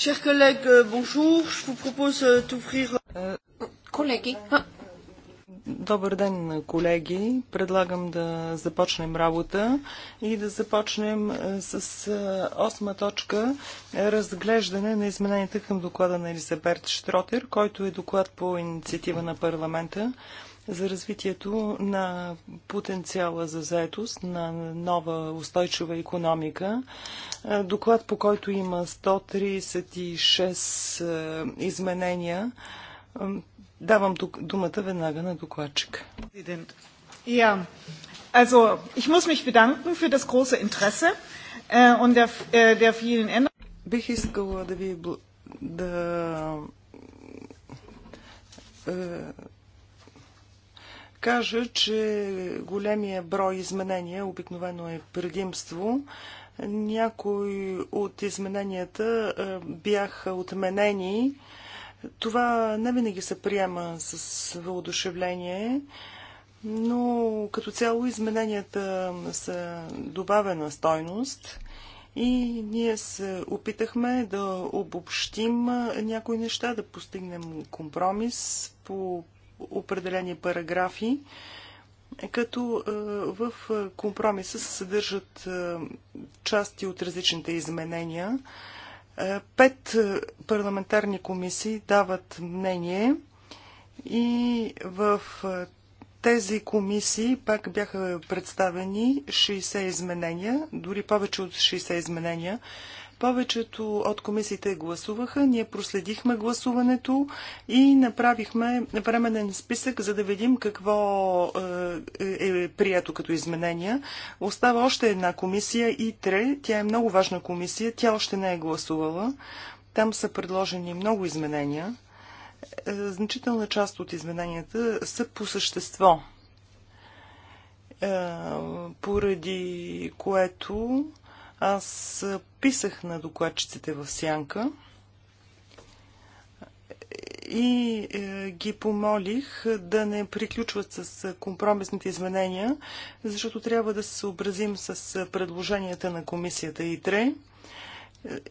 Chers collègues, euh, bonjour. Je vous propose euh, d'ouvrir. Euh, колеги, Добър ден, колеги. Предлагам да започнем работа и да започнем е, с е, осма точка разглеждане на измененията към доклада на Елисабет Штротер, който е доклад по инициатива на парламента за развитието на потенциала за заетост на нова устойчива економика. Е, доклад, по който има 136 е, изменения. Е, давам думата веднага на докладчика. Ja, also ich muss mich bedanken für das große Interesse äh, und der, äh, der vielen Änderungen кажа, че големия брой изменения обикновено е предимство. Някои от измененията е, бяха отменени. Това не винаги се приема с въодушевление, но като цяло измененията са добавена стойност и ние се опитахме да обобщим някои неща, да постигнем компромис по определени параграфи, като е, в компромиса се съдържат е, части от различните изменения. Е, пет парламентарни комисии дават мнение и в тези комисии пак бяха представени 60 изменения, дори повече от 60 изменения. Повечето от комисиите гласуваха, ние проследихме гласуването и направихме временен списък, за да видим какво е, е прието като изменения. Остава още една комисия и тре. Тя е много важна комисия. Тя още не е гласувала. Там са предложени много изменения. Е, значителна част от измененията са по същество е, поради което аз писах на докладчиците в Сянка и е, ги помолих да не приключват с е, компромисните изменения, защото трябва да се съобразим с е, предложенията на комисията ИТРЕ е,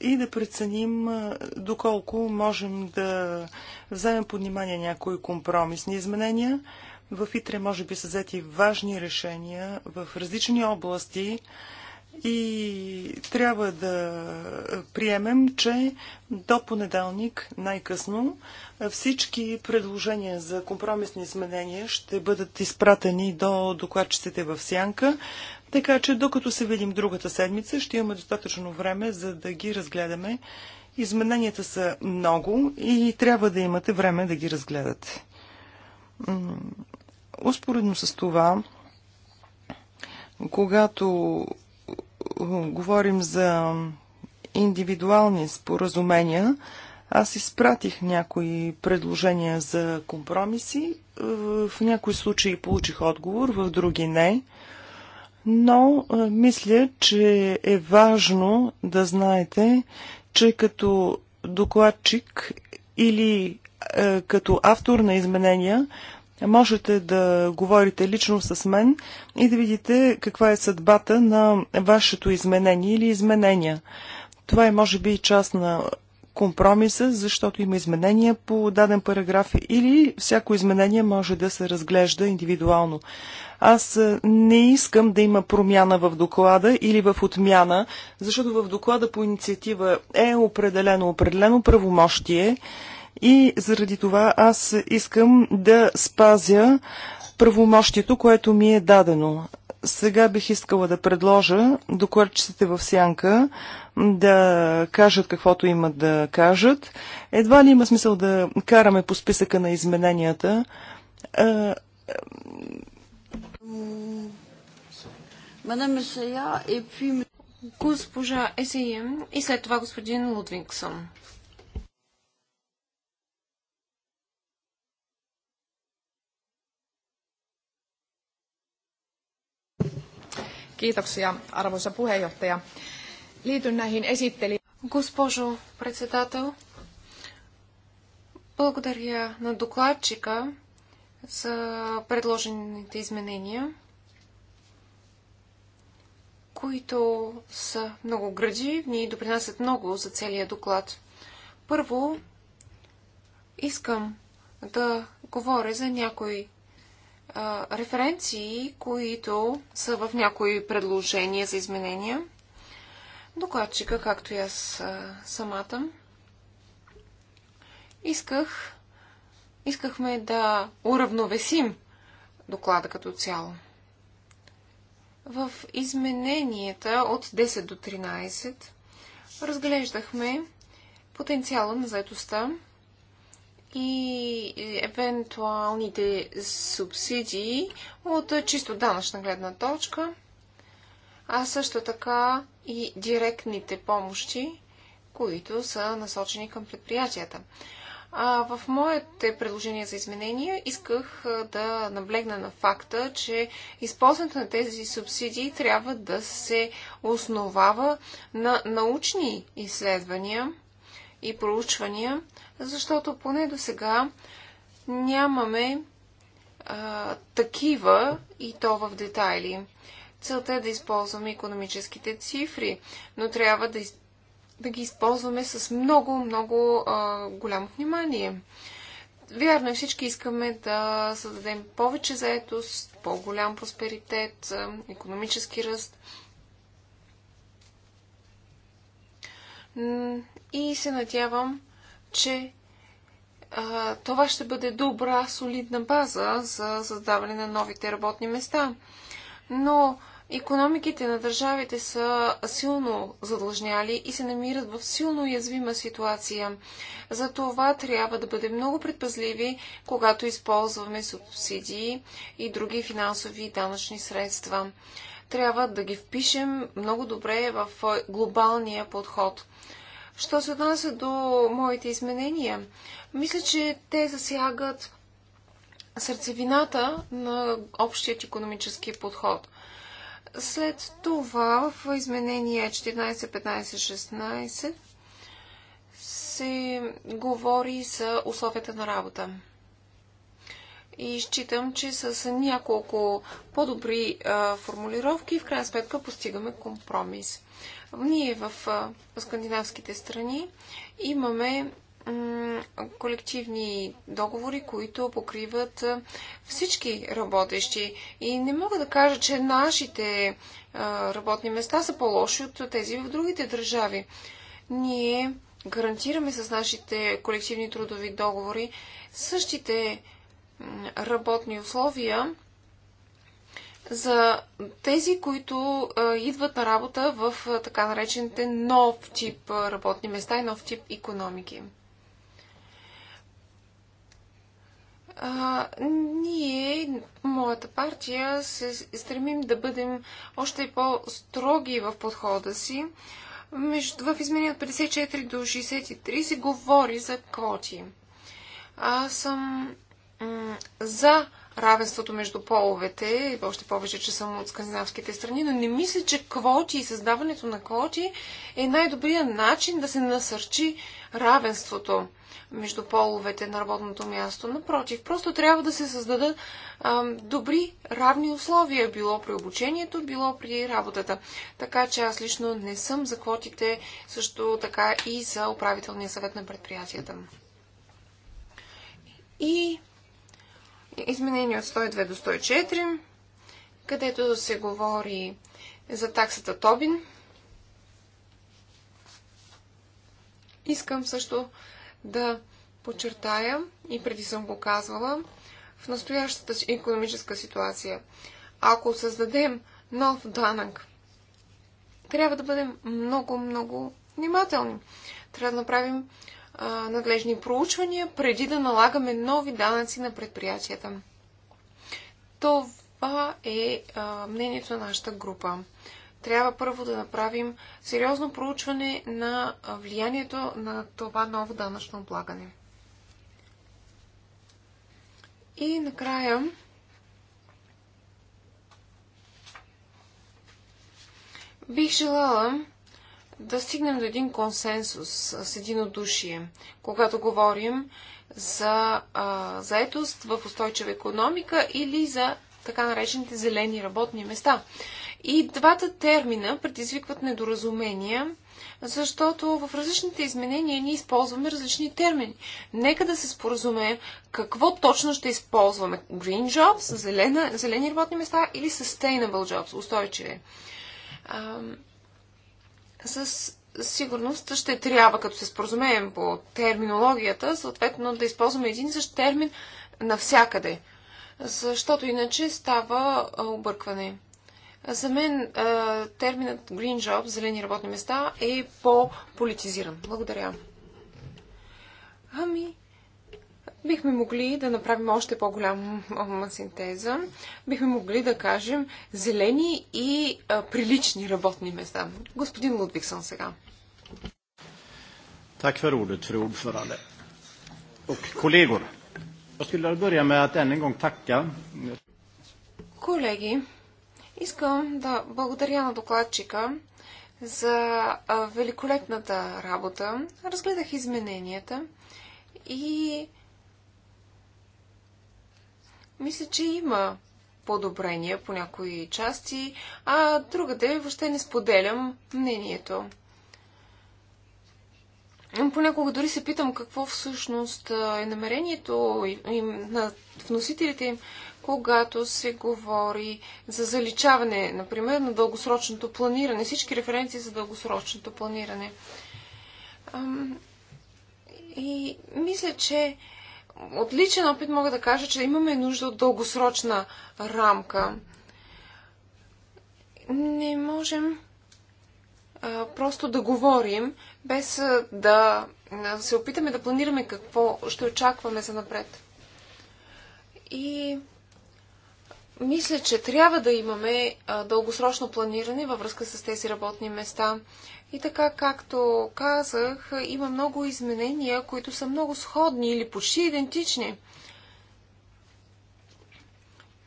и да преценим доколко можем да вземем под внимание някои компромисни изменения. В ИТРЕ може би са взети важни решения в различни области, и трябва да приемем, че до понеделник най-късно всички предложения за компромисни изменения ще бъдат изпратени до докладчиците в Сянка, така че докато се видим другата седмица, ще имаме достатъчно време за да ги разгледаме. Измененията са много и трябва да имате време да ги разгледате. Успоредно с това, когато говорим за индивидуални споразумения, аз изпратих някои предложения за компромиси. Е, в някои случаи получих отговор, в други не. Но е, мисля, че е важно да знаете, че като докладчик или е, като автор на изменения, можете да говорите лично с мен и да видите каква е съдбата на вашето изменение или изменения. Това е може би и част на компромиса, защото има изменения по даден параграф или всяко изменение може да се разглежда индивидуално. Аз не искам да има промяна в доклада или в отмяна, защото в доклада по инициатива е определено определено правомощие и заради това аз искам да спазя правомощието, което ми е дадено. Сега бих искала да предложа докладчиците в сянка да кажат каквото имат да кажат. Едва ли има смисъл да караме по списъка на измененията. Госпожа Есеем и след това господин Лудвингсон. Kiitoksia, arvoisa puheenjohtaja. Liityn näihin Госпожо председател, благодаря на докладчика за предложените изменения, които са много градивни и допринасят много за целия доклад. Първо, искам да говоря за някои референции, които са в някои предложения за изменения. Докладчика, както и аз самата, исках, искахме да уравновесим доклада като цяло. В измененията от 10 до 13 разглеждахме потенциала на заедостта и евентуалните субсидии от чисто данъчна гледна точка, а също така и директните помощи, които са насочени към предприятията. А, в моите предложения за изменения исках да наблегна на факта, че използването на тези субсидии трябва да се основава на научни изследвания – и проучвания, защото поне до сега нямаме а, такива и то в детайли. Целта е да използваме економическите цифри, но трябва да, из... да ги използваме с много, много а, голямо внимание. Вярно, е, всички искаме да създадем повече заетост, по-голям просперитет, економически ръст и се надявам, че а, това ще бъде добра, солидна база за създаване на новите работни места. Но економиките на държавите са силно задлъжняли и се намират в силно уязвима ситуация. За това трябва да бъдем много предпазливи, когато използваме субсидии и други финансови и данъчни средства. Трябва да ги впишем много добре в глобалния подход – Що се отнася до моите изменения, мисля, че те засягат сърцевината на общият економически подход. След това в изменения 14, 15, 16 се говори за условията на работа. И считам, че с няколко по-добри формулировки в крайна сметка постигаме компромис. Ние в скандинавските страни имаме колективни договори, които покриват всички работещи. И не мога да кажа, че нашите работни места са по-лоши от тези в другите държави. Ние гарантираме с нашите колективни трудови договори същите работни условия за тези, които идват на работа в така наречените нов тип работни места и нов тип економики. А, ние, моята партия, се стремим да бъдем още по-строги в подхода си. Между, в изменение от 54 до 63 се говори за коти. Аз съм за равенството между половете, още повече, че съм от скандинавските страни, но не мисля, че квоти и създаването на квоти е най-добрият начин да се насърчи равенството между половете на работното място. Напротив, просто трябва да се създадат а, добри, равни условия, било при обучението, било при работата. Така че аз лично не съм за квотите, също така и за управителния съвет на предприятията. И изменения от 102 до 104, където се говори за таксата Тобин. Искам също да подчертая, и преди съм го казвала, в настоящата економическа ситуация. Ако създадем нов данък, трябва да бъдем много, много внимателни. Трябва да направим надлежни проучвания, преди да налагаме нови данъци на предприятията. Това е мнението на нашата група. Трябва първо да направим сериозно проучване на влиянието на това ново данъчно облагане. И накрая бих желала да стигнем до един консенсус с единодушие, когато говорим за заетост в устойчива економика или за така наречените зелени работни места. И двата термина предизвикват недоразумения, защото в различните изменения ние използваме различни термини. Нека да се споразумеем какво точно ще използваме. Green jobs, зелена, зелени работни места или sustainable jobs, устойчиви със сигурност ще трябва, като се споразумеем по терминологията, съответно да използваме един и същ термин навсякъде. Защото иначе става объркване. За мен терминът Green Job, зелени работни места, е по-политизиран. Благодаря. Ами, бихме могли да направим още по-голяма синтеза. Бихме могли да кажем зелени и а, прилични работни места. Господин Лудвиксън сега. Так för ordet, fru ordförande. Och kollegor. Jag skulle vilja börja med att än en gång tacka. Колеги, искам да благодаря на докладчика за великолепната работа. Разгледах измененията и мисля, че има подобрения по някои части, а е въобще не споделям мнението. Понякога дори се питам какво всъщност е намерението им, на вносителите им, когато се говори за заличаване, например, на дългосрочното планиране, всички референции за дългосрочното планиране. И мисля, че от личен опит мога да кажа, че имаме нужда от дългосрочна рамка. Не можем а, просто да говорим, без а, да а, се опитаме да планираме какво ще очакваме за напред. И мисля, че трябва да имаме дългосрочно планиране във връзка с тези работни места. И така, както казах, има много изменения, които са много сходни или почти идентични.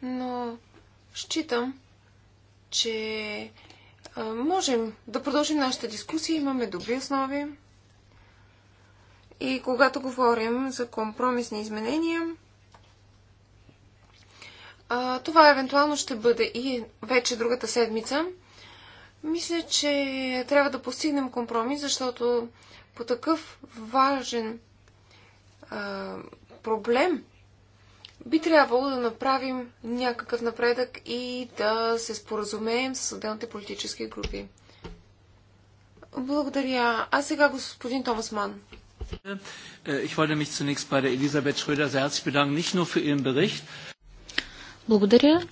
Но считам, че можем да продължим нашата дискусия. Имаме добри основи. И когато говорим за компромисни изменения, а, това евентуално ще бъде и вече другата седмица. Мисля, че трябва да постигнем компромис, защото по такъв важен а, проблем би трябвало да направим някакъв напредък и да се споразумеем с отделните политически групи. Благодаря. А сега господин Томас Ман. Äh, ich wollte mich zunächst bei der Elisabeth Schröder sehr herzlich bedanken, nicht nur für ihren Bericht, благодаря.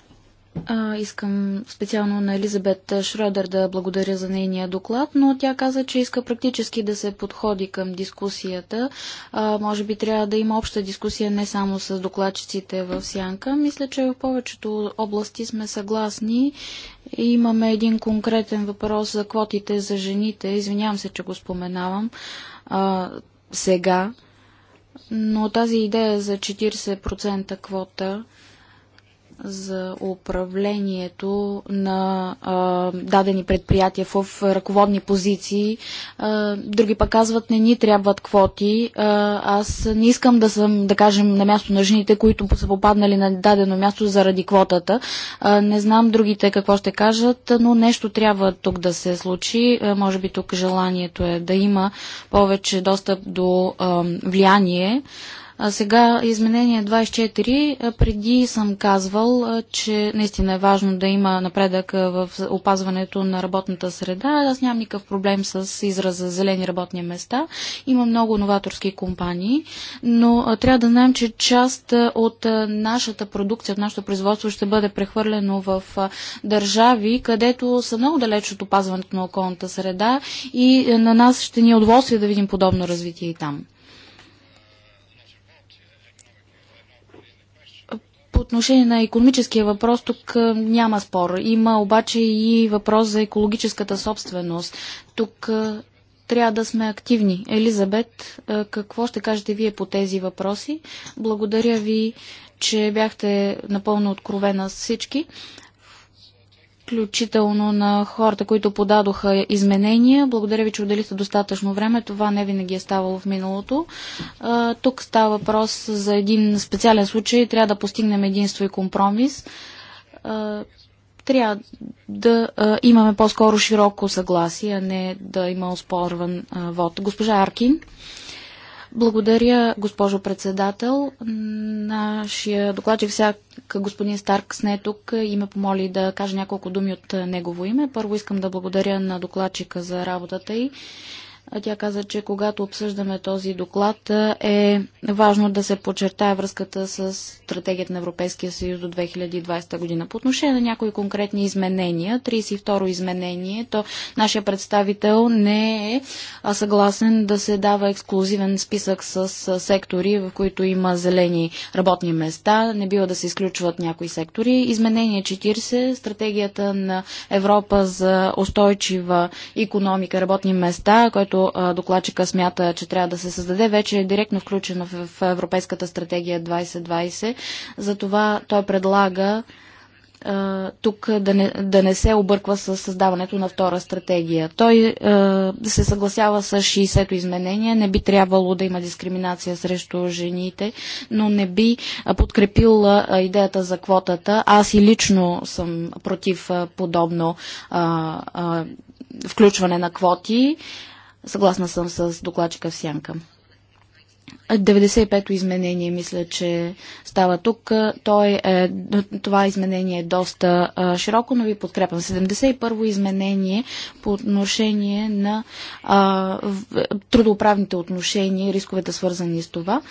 А, искам специално на Елизабет Шрёдер да благодаря за нейния доклад, но тя каза, че иска практически да се подходи към дискусията. А, може би трябва да има обща дискусия не само с докладчиците в Сянка. Мисля, че в повечето области сме съгласни. Имаме един конкретен въпрос за квотите за жените. Извинявам се, че го споменавам а, сега. Но тази идея за 40% квота за управлението на а, дадени предприятия в ръководни позиции. А, други пък казват, не ни трябват квоти. А, аз не искам да съм, да кажем, на място на жените, които са попаднали на дадено място заради квотата. А, не знам другите какво ще кажат, но нещо трябва тук да се случи. А, може би тук желанието е да има повече достъп до а, влияние. А, а сега изменение 24. Преди съм казвал, че наистина е важно да има напредък в опазването на работната среда. Аз нямам никакъв проблем с израза зелени работни места. Има много новаторски компании, но трябва да знаем, че част от нашата продукция, от нашето производство ще бъде прехвърлено в държави, където са много далеч от опазването на околната среда и на нас ще ни е удоволствие да видим подобно развитие и там. отношение на економическия въпрос тук няма спор. Има обаче и въпрос за екологическата собственост. Тук трябва да сме активни. Елизабет, какво ще кажете вие по тези въпроси? Благодаря ви, че бяхте напълно откровена с всички включително на хората, които подадоха изменения. Благодаря ви, че отделихте достатъчно време. Това не винаги е ставало в миналото. А, тук става въпрос за един специален случай. Трябва да постигнем единство и компромис. А, трябва да а, имаме по-скоро широко съгласие, а не да има оспорван вод. Госпожа Аркин. Благодаря, госпожо председател. Нашия докладчик сега господин Старк не е тук и ме помоли да кажа няколко думи от негово име. Първо искам да благодаря на докладчика за работата й тя каза, че когато обсъждаме този доклад е, е важно да се подчертая връзката с стратегията на Европейския съюз до 2020 година. По отношение на някои конкретни изменения, 32-ро изменение, то нашия представител не е съгласен да се дава ексклюзивен списък с сектори, в които има зелени работни места. Не бива да се изключват някои сектори. Изменение 40, стратегията на Европа за устойчива економика, работни места, което докладчика смята, че трябва да се създаде, вече е директно включена в Европейската стратегия 2020. Затова той предлага тук да не, да не се обърква с създаването на втора стратегия. Той е, се съгласява с 60-то изменение. Не би трябвало да има дискриминация срещу жените, но не би подкрепил идеята за квотата. Аз и лично съм против подобно е, е, включване на квоти. Е, Съгласна съм с докладчика в Сянка. 95-то изменение, мисля, че става тук. Той е, това изменение е доста а, широко, но ви подкрепям. 71-во изменение по отношение на а, трудоуправните отношения рисковете свързани с това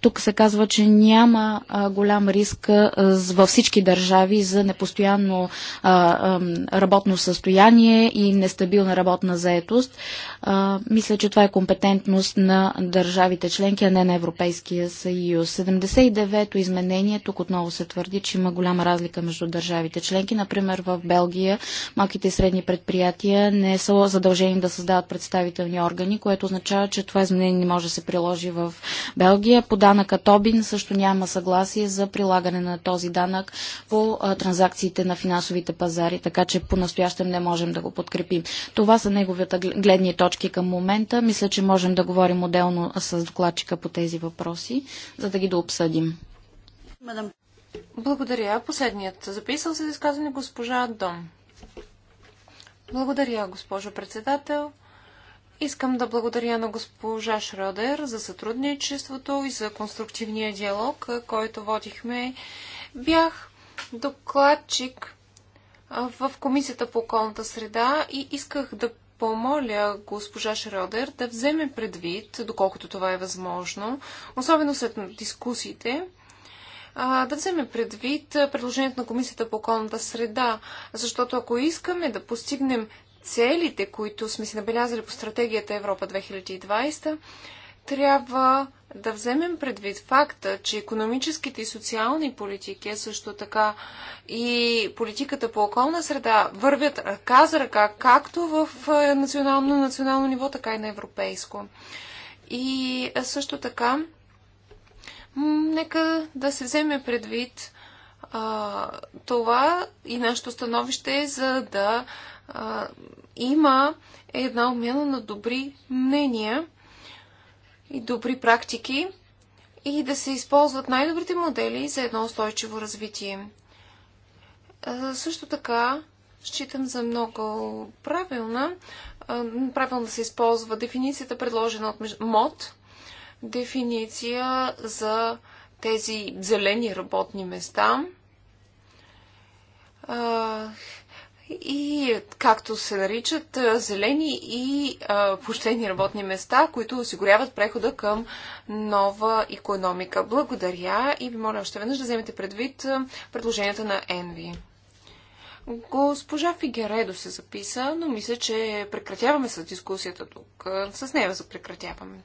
тук се казва, че няма а, голям риск а, във всички държави за непостоянно а, работно състояние и нестабилна работна заетост. Мисля, че това е компетентност на държавите членки, а не на Европейския съюз. 79-то изменение, тук отново се твърди, че има голяма разлика между държавите членки. Например, в Белгия малките и средни предприятия не са задължени да създават представителни органи, което означава, че това изменение не може да се приложи в Белгия Белгия. По данъка Тобин също няма съгласие за прилагане на този данък по транзакциите на финансовите пазари, така че по-настоящем не можем да го подкрепим. Това са неговите гледни точки към момента. Мисля, че можем да говорим отделно с докладчика по тези въпроси, за да ги да обсъдим. Благодаря. Последният записал се за изказване госпожа Дом. Благодаря, госпожо председател. Искам да благодаря на госпожа Шродер за сътрудничеството и за конструктивния диалог, който водихме. Бях докладчик в Комисията по околната среда и исках да помоля госпожа Шродер да вземе предвид, доколкото това е възможно, особено след дискусиите, да вземе предвид предложението на Комисията по околната среда, защото ако искаме да постигнем целите, които сме си набелязали по стратегията Европа 2020, трябва да вземем предвид факта, че економическите и социални политики, също така и политиката по околна среда вървят ръка за ръка, както в е, национално, национално ниво, така и на европейско. И е, също така, нека да се вземе предвид а, това и нашето становище, за да а, има една обмяна на добри мнения и добри практики и да се използват най-добрите модели за едно устойчиво развитие. А, също така, считам за много правилна, а, правилно да се използва дефиницията, предложена от МОД, дефиниция за тези зелени работни места и както се наричат зелени и а, почтени работни места, които осигуряват прехода към нова економика. Благодаря и ви моля още веднъж да вземете предвид предложенията на Енви. Госпожа Фигередо се записа, но мисля, че прекратяваме с дискусията тук. С нея за прекратяваме.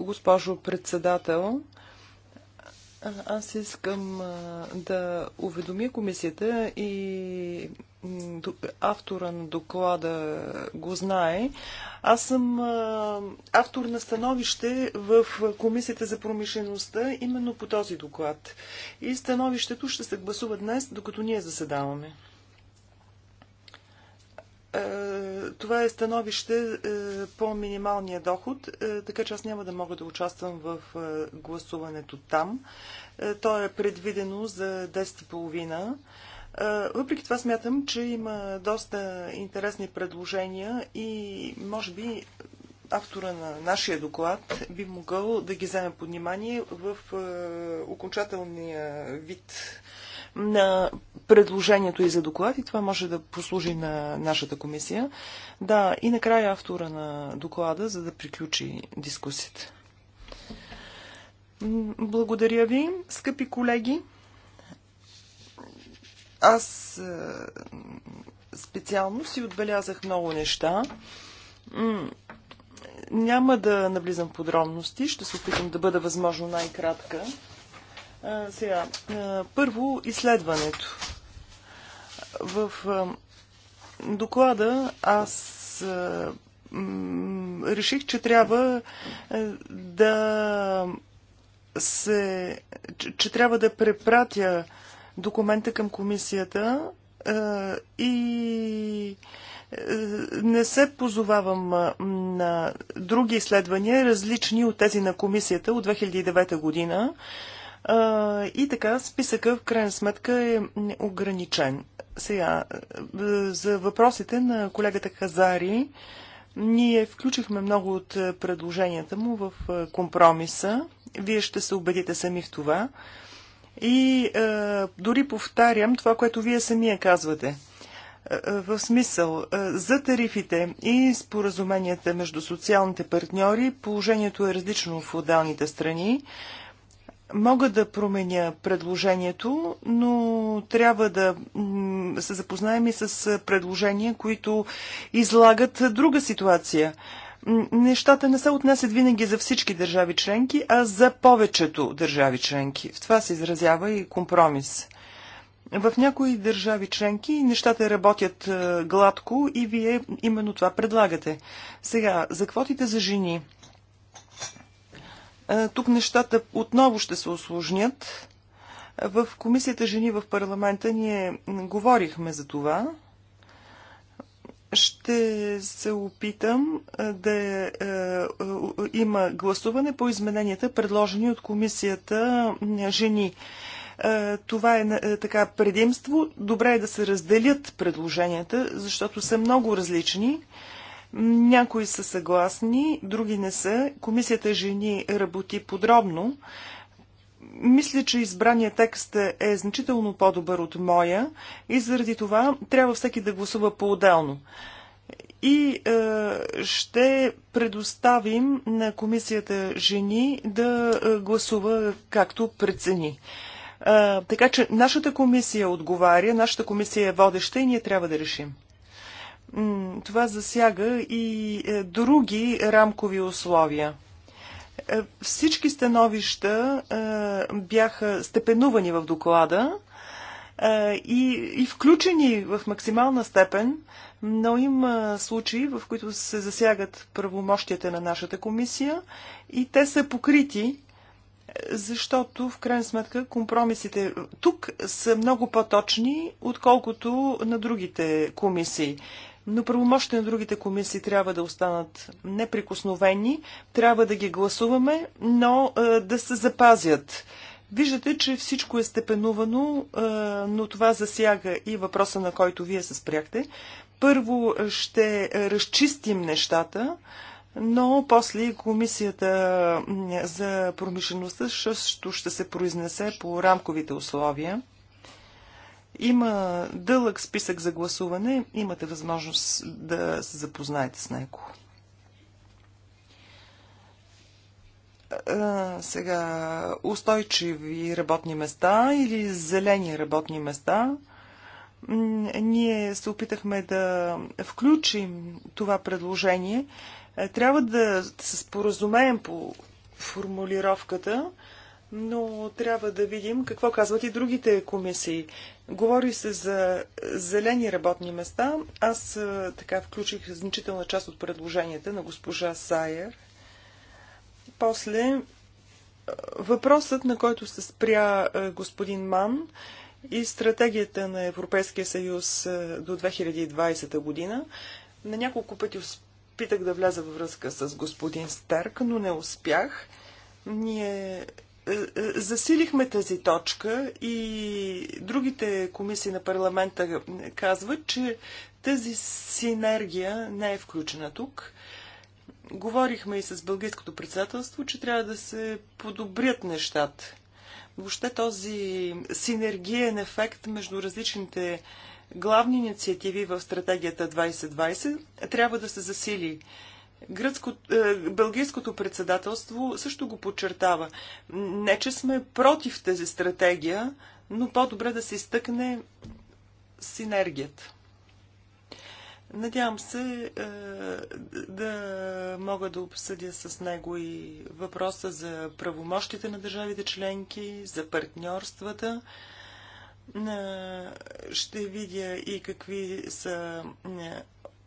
Госпожо председател, аз искам да уведомя комисията и автора на доклада го знае. Аз съм автор на становище в Комисията за промишлеността именно по този доклад. И становището ще се гласува днес, докато ние заседаваме. Е, това е становище е, по минималния доход, е, така че аз няма да мога да участвам в гласуването там. То е предвидено за 10.30. Въпреки това смятам, че има доста интересни предложения и може би автора на нашия доклад би могъл да ги вземе под внимание в окончателния вид на предложението и за доклад и това може да послужи на нашата комисия. Да, и накрая автора на доклада, за да приключи дискусията. Благодаря ви, скъпи колеги. Аз е, специално си отбелязах много неща. Няма да навлизам в подробности, ще се опитам да бъда възможно най-кратка сега, първо изследването. В доклада аз реших, че трябва да се, че трябва да препратя документа към комисията и не се позовавам на други изследвания, различни от тези на комисията от 2009 година. И така, списъка в крайна сметка е ограничен. Сега, за въпросите на колегата Хазари, ние включихме много от предложенията му в компромиса. Вие ще се убедите сами в това. И дори повтарям това, което вие самия казвате. В смисъл, за тарифите и споразуменията между социалните партньори положението е различно в отдалните страни. Мога да променя предложението, но трябва да се запознаем и с предложения, които излагат друга ситуация. Нещата не се отнесят винаги за всички държави членки, а за повечето държави членки. В това се изразява и компромис. В някои държави членки нещата работят е, гладко и вие именно това предлагате. Сега, за квотите за жени – тук нещата отново ще се осложнят. В комисията Жени в парламента ние говорихме за това. Ще се опитам да има гласуване по измененията, предложени от комисията Жени. Това е така предимство. Добре е да се разделят предложенията, защото са много различни. Някои са съгласни, други не са. Комисията жени работи подробно. Мисля, че избрания текст е значително по-добър от моя и заради това трябва всеки да гласува по-отделно и е, ще предоставим на комисията жени да е, гласува както прецени. Е, така че нашата комисия отговаря, нашата комисия е водеща и ние трябва да решим това засяга и е, други рамкови условия. Е, всички становища е, бяха степенувани в доклада и, включени в максимална степен, но има случаи, в които се засягат правомощите на нашата комисия и те са покрити, защото в крайна сметка компромисите тук са много по-точни, отколкото на другите комисии но правомощите на другите комисии трябва да останат неприкосновени, трябва да ги гласуваме, но е, да се запазят. Виждате, че всичко е степенувано, е, но това засяга и въпроса, на който вие се спряхте. Първо ще разчистим нещата, но после комисията за промишлеността също ще се произнесе по рамковите условия. Има дълъг списък за гласуване. Имате възможност да се запознаете с него. сега устойчиви работни места или зелени работни места. Ние се опитахме да включим това предложение. Е, трябва да се споразумеем по формулировката, но трябва да видим какво казват и другите комисии. Говори се за зелени работни места. Аз така включих значителна част от предложенията на госпожа Сайер. После въпросът, на който се спря господин Ман и стратегията на Европейския съюз до 2020 година, на няколко пъти питах да вляза във връзка с господин Стерк, но не успях. Ние е, е, засилихме тази точка и другите комисии на парламента казват, че тази синергия не е включена тук. Говорихме и с Бългийското председателство, че трябва да се подобрят нещата. Въобще този синергиен ефект между различните главни инициативи в стратегията 2020 трябва да се засили. Гръцко, е, бългийското председателство също го подчертава. Не, че сме против тази стратегия, но по-добре да се изтъкне синергията. Надявам се е, да мога да обсъдя с него и въпроса за правомощите на държавите членки, за партньорствата. Е, ще видя и какви са е,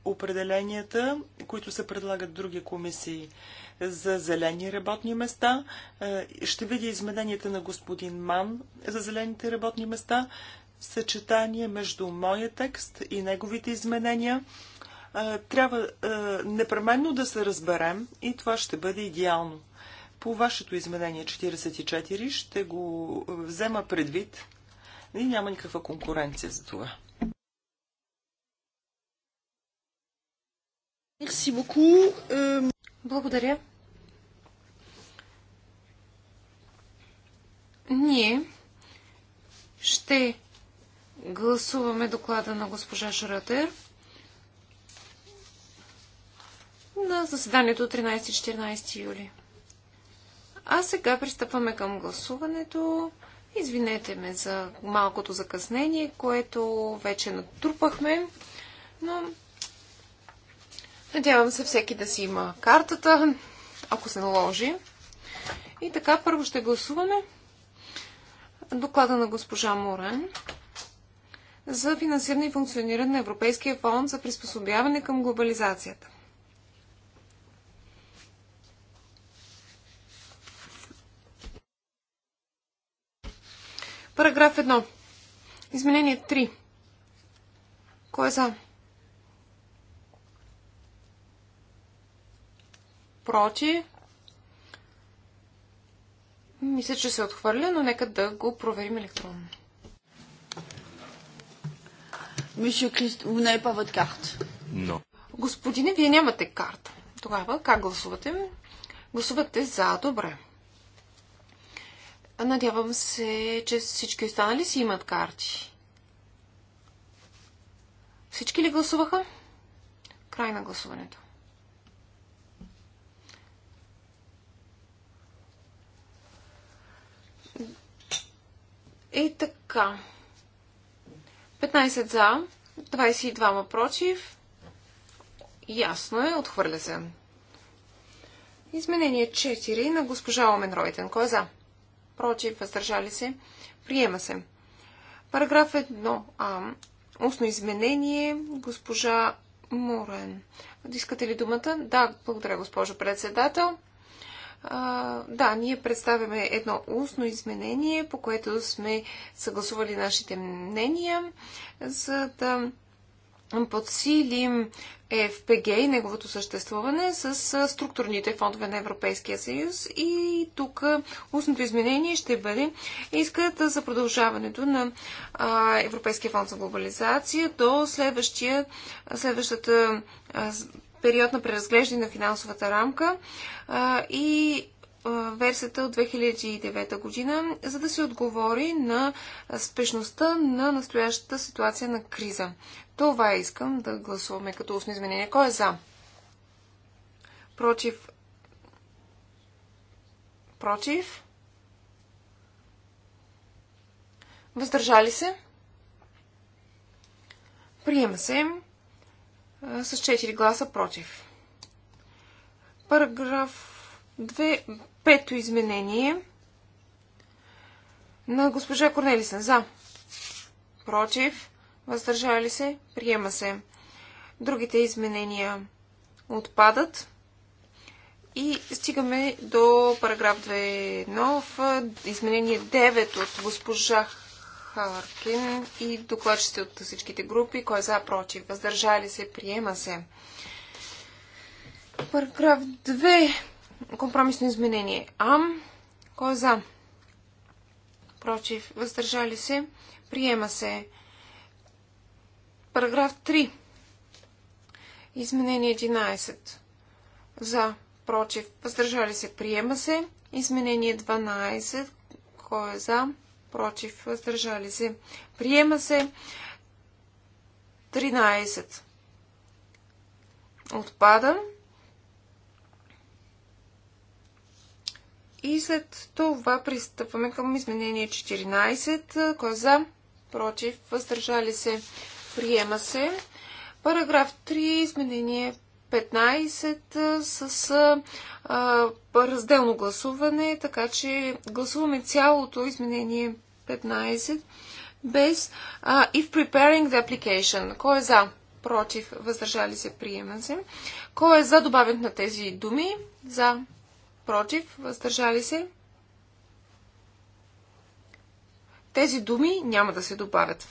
определенията, които се предлагат други комисии за зелени работни места. Е, ще видя измененията на господин Ман за зелените работни места, съчетание между моя текст и неговите изменения. Е, трябва е, непременно да се разберем и това ще бъде идеално. По вашето изменение 44 ще го взема предвид и няма никаква конкуренция за това. Euh, Благодаря. Ние ще гласуваме доклада на госпожа Шаратер на заседанието 13-14 юли. А сега пристъпваме към гласуването. Извинете ме за малкото закъснение, което вече натрупахме, но Надявам се всеки да си има картата, ако се наложи. И така, първо ще гласуваме доклада на госпожа Морен за финансиране и функциониране на Европейския фонд за приспособяване към глобализацията. Параграф 1. Изменение 3. Кой е за? проти. Мисля, че се е отхвърля, но нека да го проверим електронно. Мисля, Крист, не е пават карта. Но. Господине, вие нямате карта. Тогава как гласувате? Гласувате за. Добре. Надявам се, че всички останали си имат карти. Всички ли гласуваха? Край на гласуването. И така. 15 за, 22 против. Ясно е, отхвърля се. Изменение 4 на госпожа Омен Ройтен. Кой е за? Против, въздържали се. Приема се. Параграф 1а. Устно изменение. Госпожа Морен. Искате ли думата? Да, благодаря, госпожо председател да, ние представяме едно устно изменение, по което сме съгласували нашите мнения, за да подсилим ФПГ и неговото съществуване с структурните фондове на Европейския съюз и тук устното изменение ще бъде искат за продължаването на Европейския фонд за глобализация до следващата период на преразглеждане на финансовата рамка а, и версията от 2009 година, за да се отговори на спешността на настоящата ситуация на криза. Това искам да гласуваме като устно изменение. Кой е за? Против? Против? Въздържали се? Приема се с 4 гласа против. Параграф 2, пето изменение на госпожа Корнелисен. За. Против. Въздържали се. Приема се. Другите изменения отпадат. И стигаме до параграф 2.1 в изменение 9 от госпожа Харкин и докладчици от всичките групи. Кой е за, против? Въздържали се, приема се. Параграф 2. Компромисно изменение. Ам. Кой е за? Против. Въздържали се. Приема се. Параграф 3. Изменение 11. За. Против. Въздържали се. Приема се. Изменение 12. Кой е за? против, въздържали се. Приема се 13. Отпада. И след това пристъпваме към изменение 14. Коза е за? Против. Въздържали се. Приема се. Параграф 3. Изменение 15 с а, разделно гласуване, така че гласуваме цялото изменение 15 без а, if preparing the application. Кой е за? Против? Въздържали се? Приема се. Кой е за добавянето на тези думи? За? Против? Въздържали се? Тези думи няма да се добавят.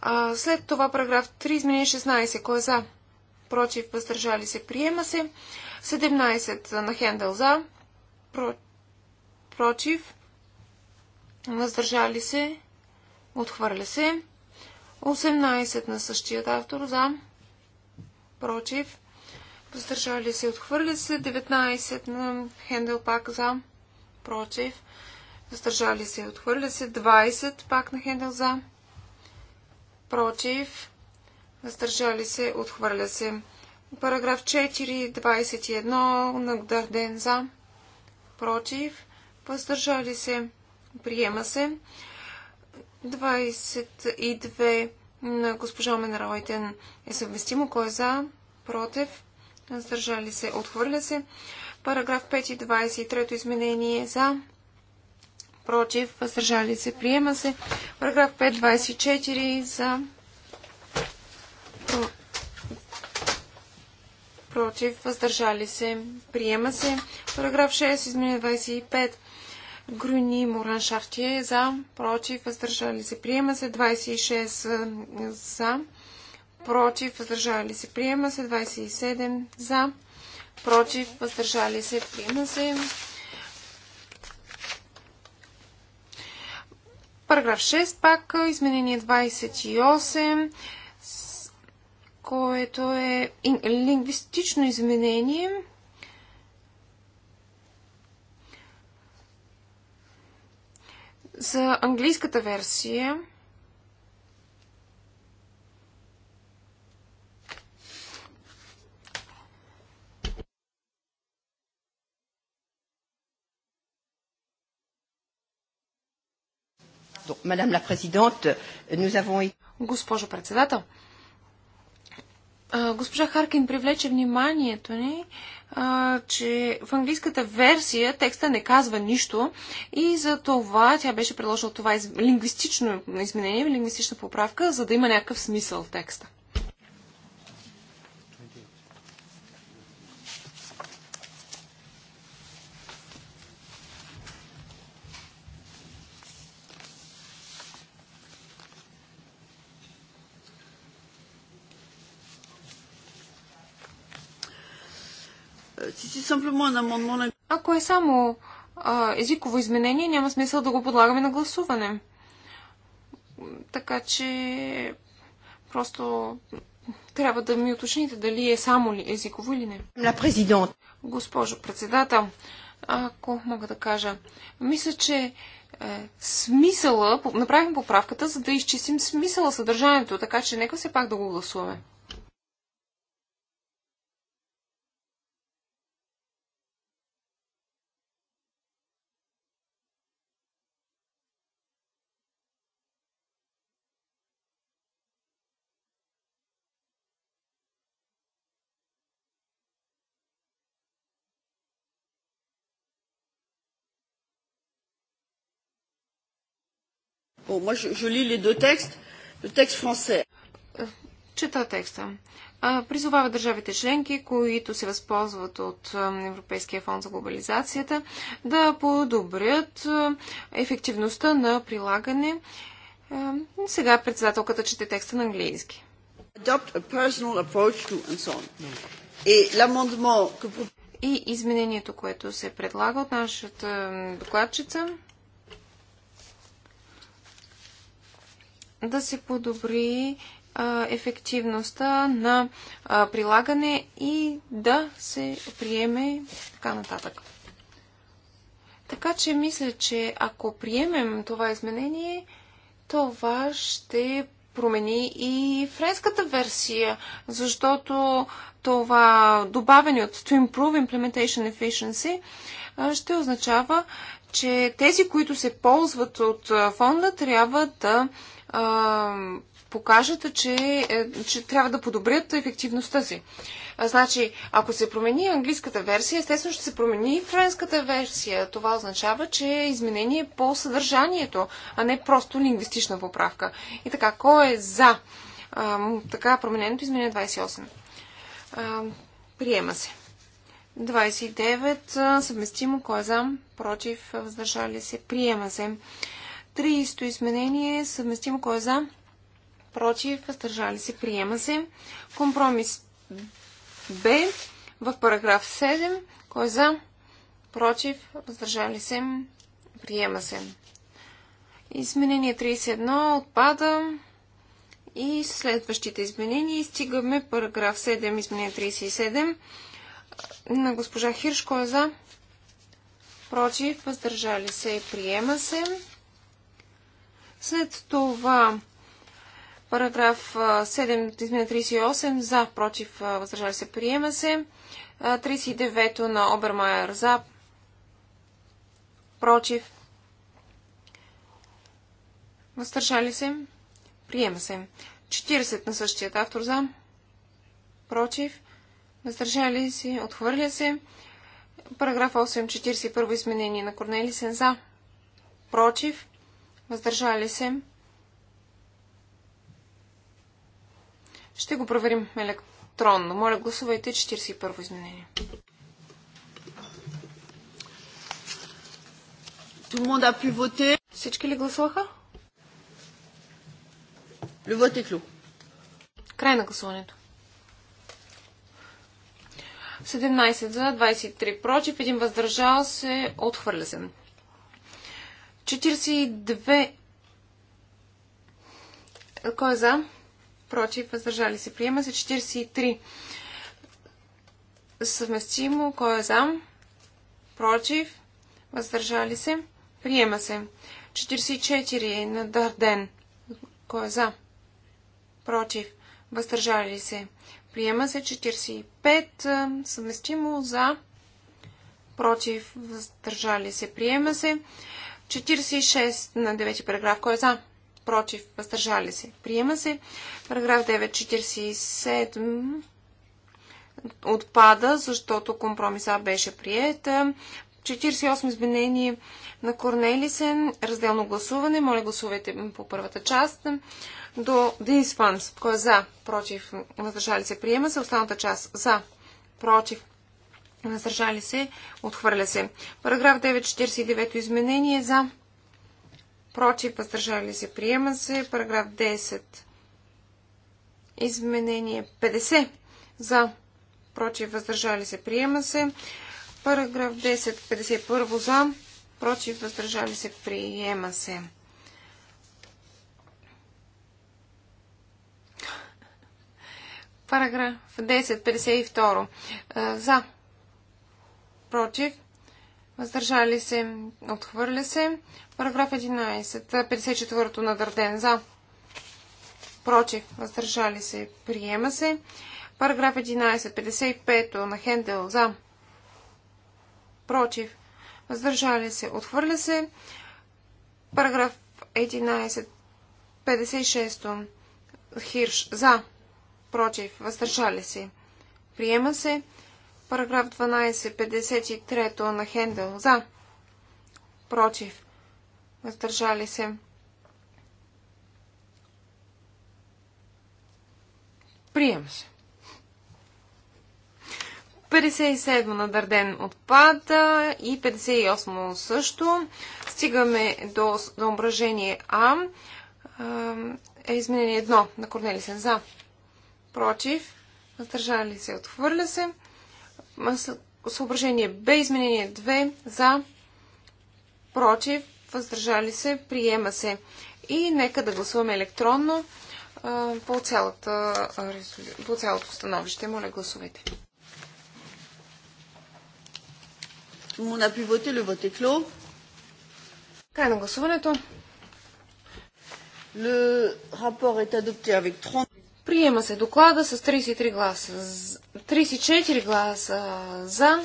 А, след това параграф 3, изменение 16. Кой е за? против, въздържали се, приема се. 17 на Хендел за, про, против, въздържали се, отхвърля се. 18 на същият автор за, против, въздържали се, отхвърля се. 19 на Хендел пак за, против, въздържали се, отхвърля се. 20 пак на Хендел за, против, въздържали се, отхвърля се. Параграф 4, 21 на Дарден за, против, въздържали се, приема се. 22 на госпожа Менаройтен е съвместимо. Кой е за? Против? Въздържали се? Отхвърля се. Параграф 5 и 23 изменение е за. Против? Въздържали се? Приема се. Параграф 5, 24 за против, въздържали се, приема се. Параграф 6, изменение 25. Груни Моран е за, против, въздържали се, приема се. 26 е, за, против, въздържали се, приема се. 27 за, против, въздържали се, приема се. Параграф 6 пак, изменение 28 което е лингвистично изменение. За английската версия Госпожо председател, Госпожа Харкин привлече вниманието ни, че в английската версия текста не казва нищо и за това тя беше предложила това лингвистично изменение, лингвистична поправка, за да има някакъв смисъл в текста. Ако е само а, езиково изменение, няма смисъл да го подлагаме на гласуване. Така че просто трябва да ми уточните дали е само ли езиково или не. На президент. Госпожо председател, ако мога да кажа, мисля, че е, смисъла, направим поправката, за да изчистим смисъла съдържанието, така че нека все пак да го гласуваме. Bon, moi, je, je lis les deux textes, le texte français. Е, чета текста. Призовава държавите членки, които се възползват от е, Европейския фонд за глобализацията, да подобрят е, ефективността на прилагане. Сега председателката чете текста на английски. И изменението, което се предлага от нашата докладчица, да се подобри ефективността на прилагане и да се приеме така нататък. Така че мисля, че ако приемем това изменение, това ще промени и френската версия, защото това добавени от To Improve Implementation Efficiency ще означава, че тези, които се ползват от фонда, трябва да покажат, че, е, че трябва да подобрят ефективността си. А, значи, ако се промени английската версия, естествено ще се промени и френската версия. Това означава, че е изменение по съдържанието, а не просто лингвистична поправка. И така, кой е за а, така промененото изменение 28? А, приема се. 29 съвместимо, кой е за, против, въздържали се, приема се. 30-то изменение, съвместимо кой е за? Против, въздържали се, приема се. Компромис Б в параграф 7, кой е за? Против, въздържали се, приема се. Изменение 31 отпада и следващите изменения стигаме параграф 7, изменение 37 на госпожа Хирш, кой е за? Против, въздържали се, приема се. След това параграф 7, 38 за, против, възражали се, приема се. 39-то на Обермайер за, против, възражали се, приема се. 40 на същият автор за, против, въздържали се, отхвърля се. Параграф 8, 41 изменение на Корнелисен за, против, Въздържали се. Ще го проверим електронно. Моля, гласувайте 41-во изменение. Всички ли гласуваха? е Край на гласуването. 17 за, 23 против, един въздържал се, отхвърля се. 42. Кой е за? Против, въздържали се. Приема се 43. Съвместимо. Кой е за? Против, въздържали се. Приема се. 44 на Дарден. Кой е за? Против. Въздържали се. Приема се 45. Съвместимо за. Против. Въздържали се. Приема се. 46 на 9 параграф. Кой е за? Против. Въздържали се. Приема се. Параграф 9. 47 отпада, защото компромиса беше приета. 48 изменение на Корнелисен. Разделно гласуване. Моля гласувайте по първата част. До Динспанс. Кой е за? Против. Въздържали се. Приема се. Останата част. За. Против. Въздържали се. Отхвърля се. Параграф 9, 49 изменение за. Против. Въздържали се. Приема се. Параграф 10. Изменение 50 за. Против. Въздържали се. Приема се. Параграф 10, 51 за. Против. Въздържали се. Приема се. Параграф 10, 52. Е, за против, въздържали се, отхвърля се. Параграф 11, 54-то на Дърден, за, против, въздържали се, приема се. Параграф 11, 55-то на Хендел, за, против, въздържали се, отхвърля се. Параграф 11, 56-то, Хирш, за, против, въздържали се, приема се. Параграф 12, 53 на Хендел. За. Против. Въздържали се. Прием се. 57 на дърден отпада и 58 също. Стигаме до, до ображение А. Е, е изменение 1 на Корнелисен за. Против. Въздържали се. Отхвърля се. Съображение Б, изменение 2 за, против, въздържали се, приема се. И нека да гласуваме електронно по, цялата, по цялото становище. Моля, гласувайте. Mon a ли вътре le Край на гласуването. Le rapport est adopté avec 30... Приема се доклада с 33 гласа, 34 гласа за,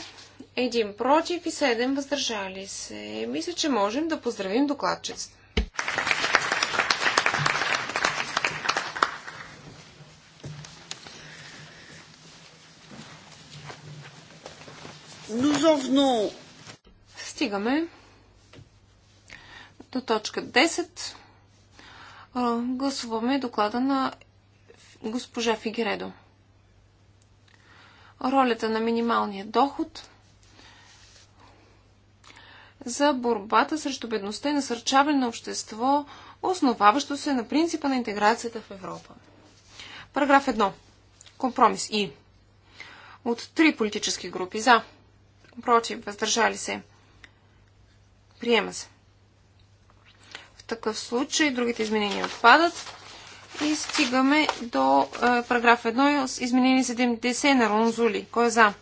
1 против и 7 въздържали се. Мисля, че можем да поздравим докладчицата. Дозовно! Стигаме до точка 10. Гласуваме доклада на госпожа Фигередо. Ролята на минималния доход за борбата срещу бедността и насърчаване на общество, основаващо се на принципа на интеграцията в Европа. Параграф 1. Компромис И. От три политически групи за, против, въздържали се. Приема се. В такъв случай другите изменения отпадат. И стигаме до е, параграф 1, изменени 70 на Ронзули. Кой е за?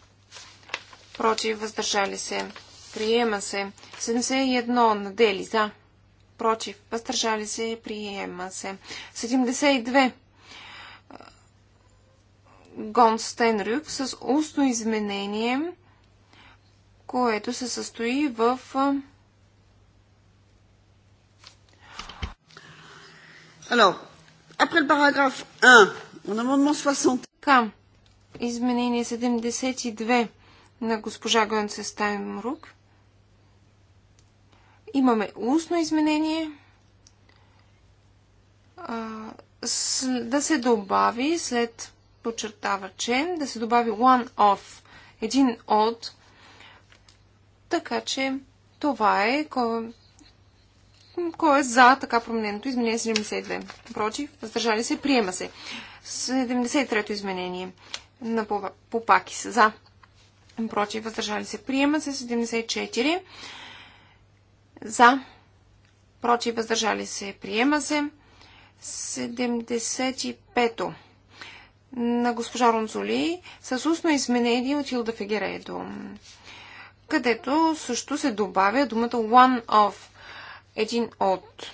Против, въздържали се. Приема се. 71 на Дели. За. Против, въздържали се. Приема се. 72. Е, Гон Стенрюк с устно изменение, което се състои в Alors, е, Après le paragraphe 1, mon amendement 60. Quand изменение 72 на госпожа Гонце Стайнрук. Имаме устно изменение. А, да се добави след подчертава, че да се добави one of, един от. Така че това е кой е за така промененото изменение 72? Против? Въздържали се? Приема се. 73-то изменение на Попакис. За. Против? Въздържали се? Приема се. 74. За. Против? Въздържали се? Приема се. 75-то на госпожа Ронзоли с устно изменение от Хилда Фегерейдо, където също се добавя думата one of – един от.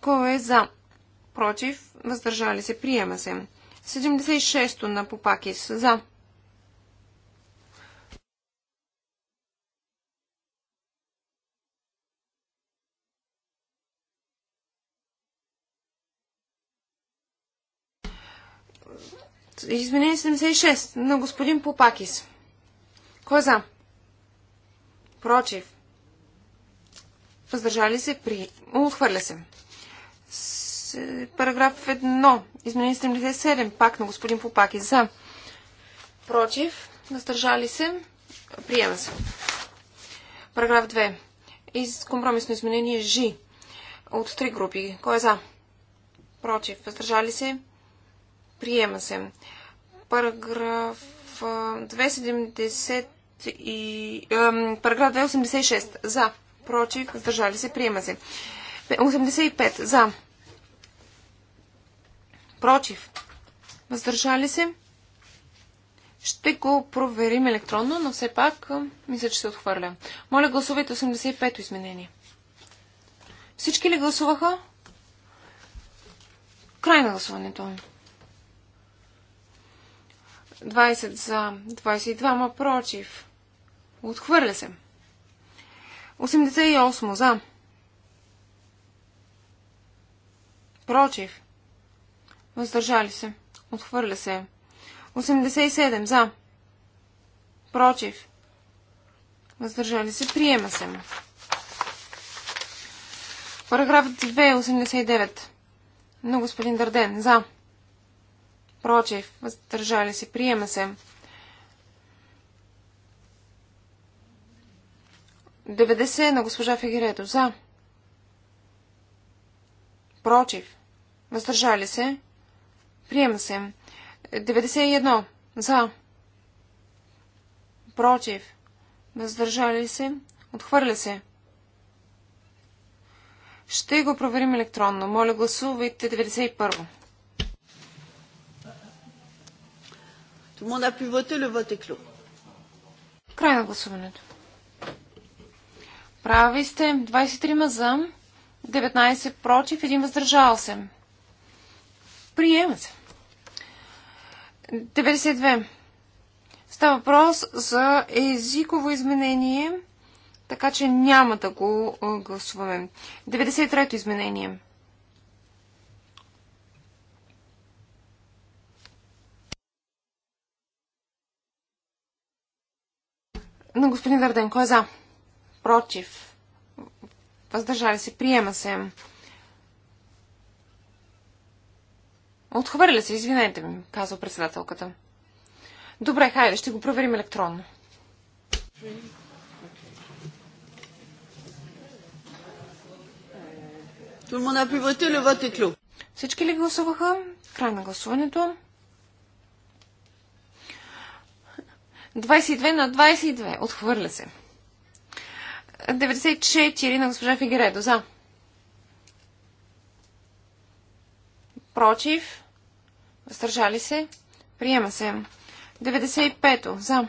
Кой е за? Против. Въздържали се. Приема се. 76-то на Попакис. За. Изменение 76 на господин Попакис. Кой е за? Против. Въздържали се при... Отхвърля се. С... Параграф 1. Измени 77. Пак на господин Попаки. За. Против. Въздържали се. Приема се. Параграф 2. Из компромисно изменение Жи. От три групи. Кой е за? Против. Въздържали се. Приема се. Параграф 276. параграф 286. За против, въздържали се, приема се. 85 за, против, въздържали се. Ще го проверим електронно, но все пак мисля, че се отхвърля. Моля, гласувайте 85-то изменение. Всички ли гласуваха? Край на гласуването. 20 за, 22 ма против. Отхвърля се. 88 за. Против. Въздържали се. Отхвърля се. 87 за. Против. Въздържали се. Приема се. Параграф 289 на господин Дърден. За. Против. Въздържали се. Приема се. 90 на госпожа Фигерето. За. Против. Въздържали се. Приема се. 91. За. Против. Въздържали се. Отхвърля се. Ще го проверим електронно. Моля, гласувайте 91. Tout le monde a pu voter, le vote est clos. Край на гласуването. Прави сте 23 за, 19 против, 1 въздържал се. Приема се. 92. Става въпрос за езиково изменение, така че няма да го гласуваме. 93-то изменение. На господин Дарден, кой е за? против, въздържали се, приема се. Отхвърля се, извинете ми, казва председателката. Добре, хайде, ще го проверим електронно. Всички ли гласуваха? Край на гласуването. 22 на 22. Отхвърля се. 94 на госпожа Фигередо. За. Против. Въздържали се. Приема се. 95 За.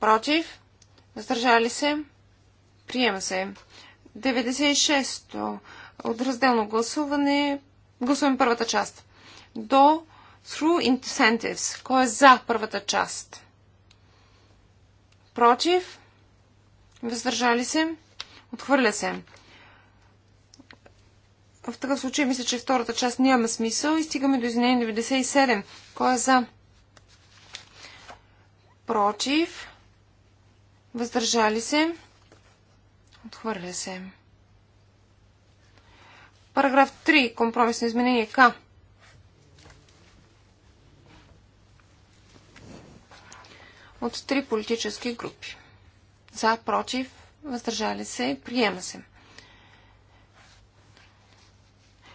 Против. Въздържали се. Приема се. 96 От разделно гласуване. Гласуваме първата част. До through incentives. Кой е за първата част? Против. Въздържали се? Отхвърля се. В такъв случай мисля, че втората част няма смисъл и стигаме до изменение 97. Кой е за? Против. Въздържали се. Отхвърля се. Параграф 3. Компромисно изменение К. От три политически групи. За, против, въздържали се, приема се.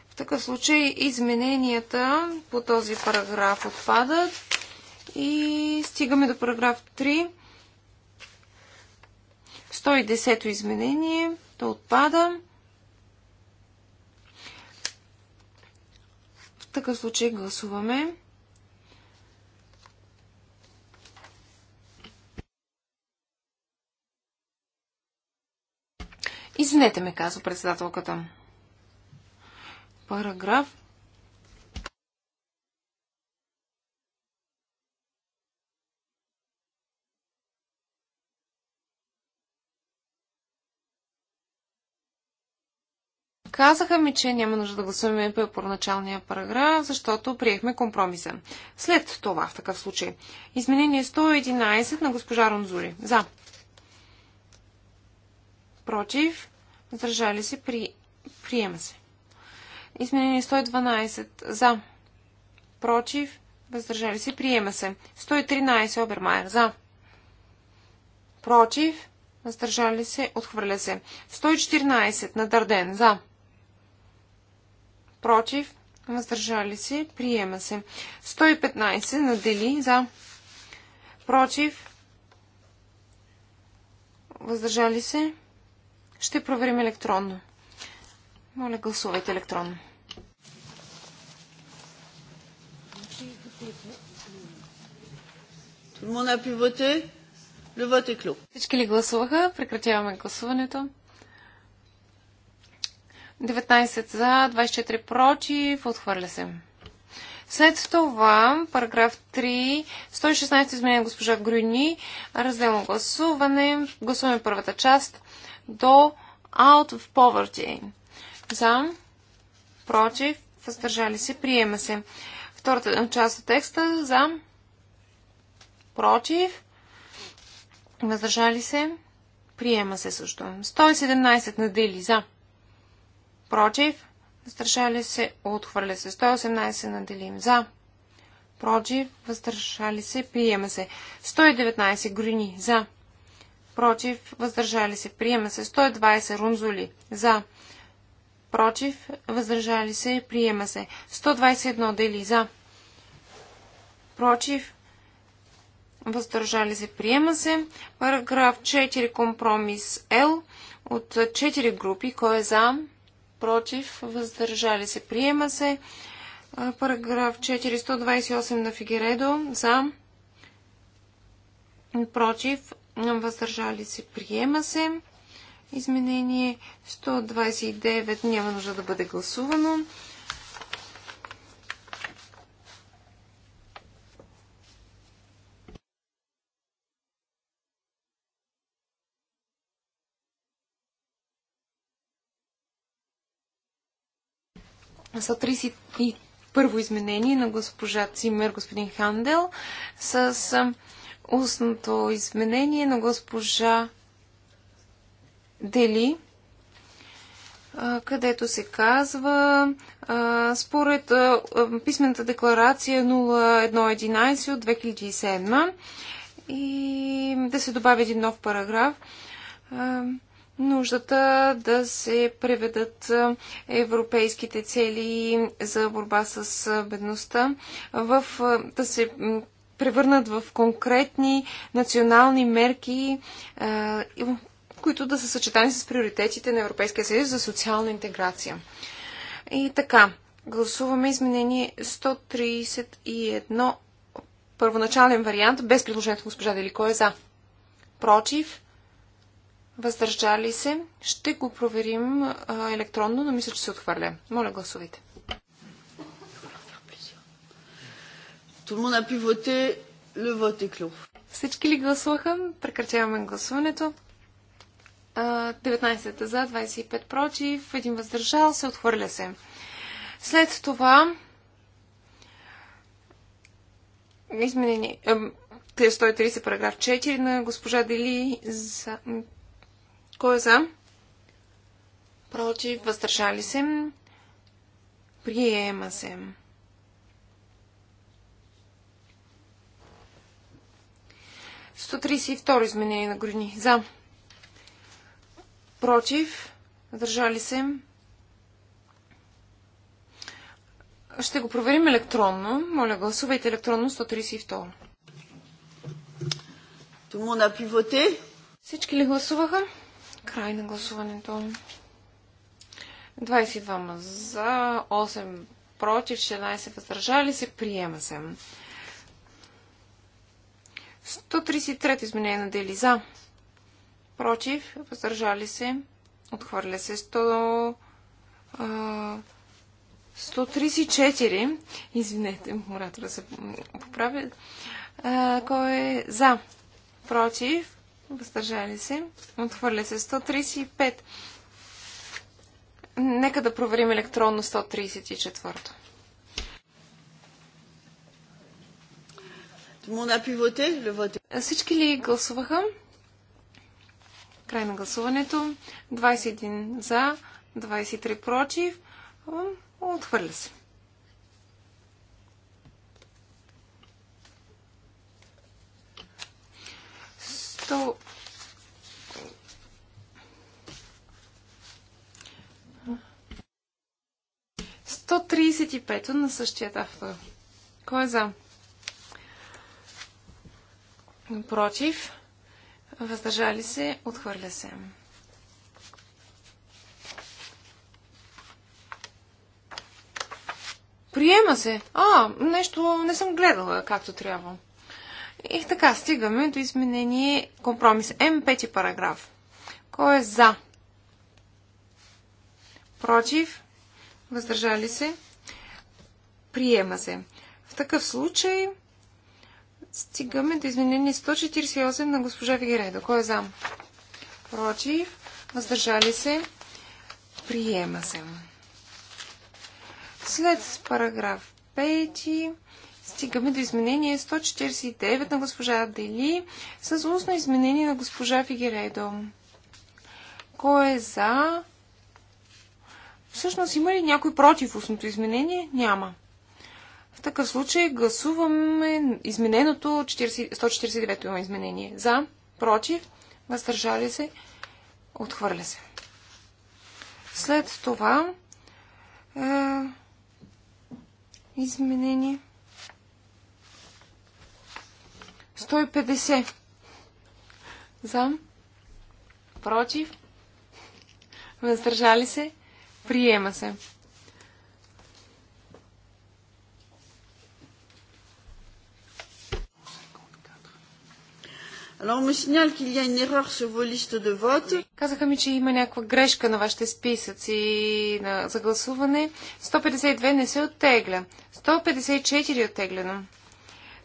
В такъв случай измененията по този параграф отпадат и стигаме до параграф 3. 110-то изменение то отпада. В такъв случай гласуваме. Извинете ме, казва председателката. Параграф Казаха ми, че няма нужда да гласуваме по първоначалния параграф, защото приехме компромиса. След това, в такъв случай, изменение 111 на госпожа Ронзури. За против, въздържали се, при... приема се. Изменение 112 за, против, въздържали се, приема се. 113 Обермайер за, против, въздържали се, отхвърля се. 114 на за, против, въздържали се, приема се. 115 на Дели за, против, въздържали се, ще проверим електронно. Моля, гласувайте електронно. Всички ли гласуваха? Прекратяваме гласуването. 19 за, 24 против, отхвърля се. След това, параграф 3, 116 изменение госпожа Грюни, разделно гласуване, гласуваме първата част, до Out of Poverty. За, против, въздържали се, приема се. Втората част от текста за, против, въздържали се, приема се също. 117 надели за, против, въздържали се, отхвърля се. 118 наделим за, против, въздържали се, приема се. 119 грини за, против, въздържали се, приема се. 120 Рунзули, за, против, въздържали се, приема се. 121 Дели, за, против, въздържали се, приема се. Параграф 4, компромис Л от 4 групи, кой е за, против, въздържали се, приема се. Параграф 4, 128 на Фигередо, за, против, въздържали се, приема се. Изменение 129 няма нужда да бъде гласувано. са 31 изменение на госпожа Цимер, господин Хандел, с устното изменение на госпожа Дели, където се казва според писмената декларация 0111 от 2007 и да се добави един нов параграф нуждата да се преведат европейските цели за борба с бедността в да се превърнат в конкретни национални мерки, е, които да са съчетани с приоритетите на Европейския съюз за социална интеграция. И така, гласуваме изменение 131, първоначален вариант, без предложението на госпожа Делико е за. Против, въздържали се, ще го проверим електронно, но мисля, че се отхвърля. Моля, гласувайте. Всички ли гласуваха? Прекратяваме гласуването. 19 за, 25 против, един въздържал се, отхвърля се. След това изменени 130 параграф 4 на госпожа Дели за... Кой е за? Против, въздържали се. Приема се. 132 изменение на Горини. За. Против. Държали се. Ще го проверим електронно. Моля, гласувайте електронно 132. Тому на пивоте. Всички ли гласуваха? Край на гласуването. 22 за, 8 против, 16 въздържали се. Приема се. 133 изменение на Дели за. Против. Въздържали се. Отхвърля се 100... 134. Извинете, да се поправя. Кой е за? Против. Въздържали се. Отхвърля се 135. Нека да проверим електронно 134. Всички ли гласуваха? Край на гласуването. 21 за, 23 против. Отхвърля се. Сто... Сто тридесет и пето на същия автор. Кой е за? против, въздържали се, отхвърля се. Приема се. А, нещо не съм гледала както трябва. И така, стигаме до изменение компромис. М5 параграф. Кой е за? Против? Въздържали се? Приема се. В такъв случай Стигаме до изменение 148 на госпожа Вигередо. Кой е за? Против. Въздържали се. Приема се. След параграф 5 стигаме до изменение 149 на госпожа Дели с устно изменение на госпожа Фигередо. Кой е за? Всъщност има ли някой против устното изменение? Няма. В такъв случай гласуваме измененото 149-то има изменение. За, против, въздържали се, отхвърля се. След това е, изменение 150 за, против, въздържали се, приема се. Казаха ми, че има някаква грешка на вашите списъци на, за гласуване. 152 не се оттегля. 154 е оттеглено.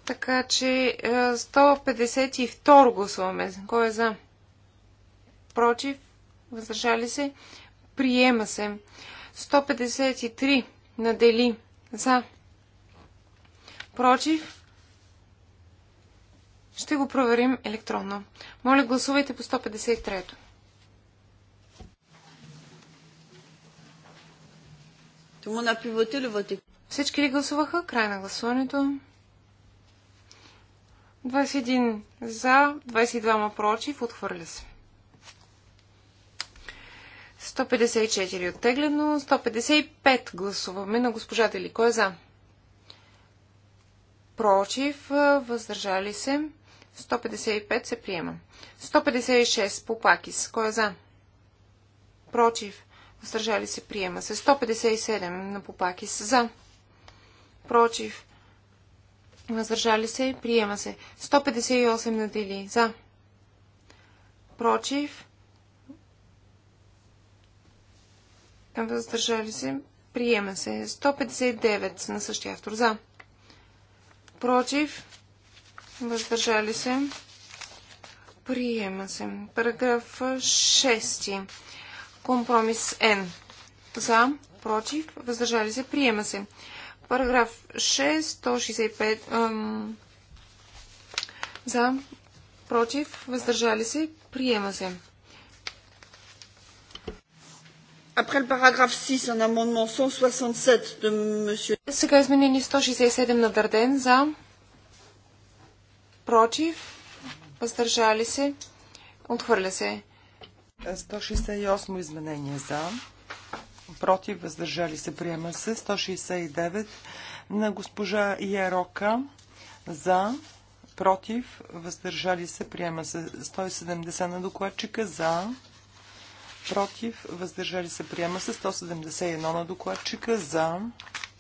Така че 152 е, гласуваме. Кой е за? Против? Въздържали се? Приема се. 153 надели. За. Против? Ще го проверим електронно. Моля, гласувайте по 153-то. Всички ли гласуваха? Край на гласуването. 21 за, 22 ма против, отхвърля се. 154 оттеглено, 155 гласуваме на госпожа Дели. Кой е за? Против, въздържали се. 155 се приема. 156 Попакис. Кой е за? Против. Въздържали се приема се. 157 на Попакис. За. Против. Въздържали се. Приема се. 158 на Дели. За. Против. Въздържали се. Приема се. 159 на същия автор. За. Против въздържали се, приема се. Параграф 6. Компромис Н. За, против, въздържали се, приема се. Параграф 6, 165. за, против, въздържали се, приема се. Après le paragraphe 6, un amendement 167 de monsieur... Сега изменение 167 на Дарден за против, въздържали се, отхвърля се. 168 изменение за, против, въздържали се, приема се. 169 на госпожа Ярока за, против, въздържали се, приема се. 170 на докладчика за, против, въздържали се, приема се. 171 на докладчика за,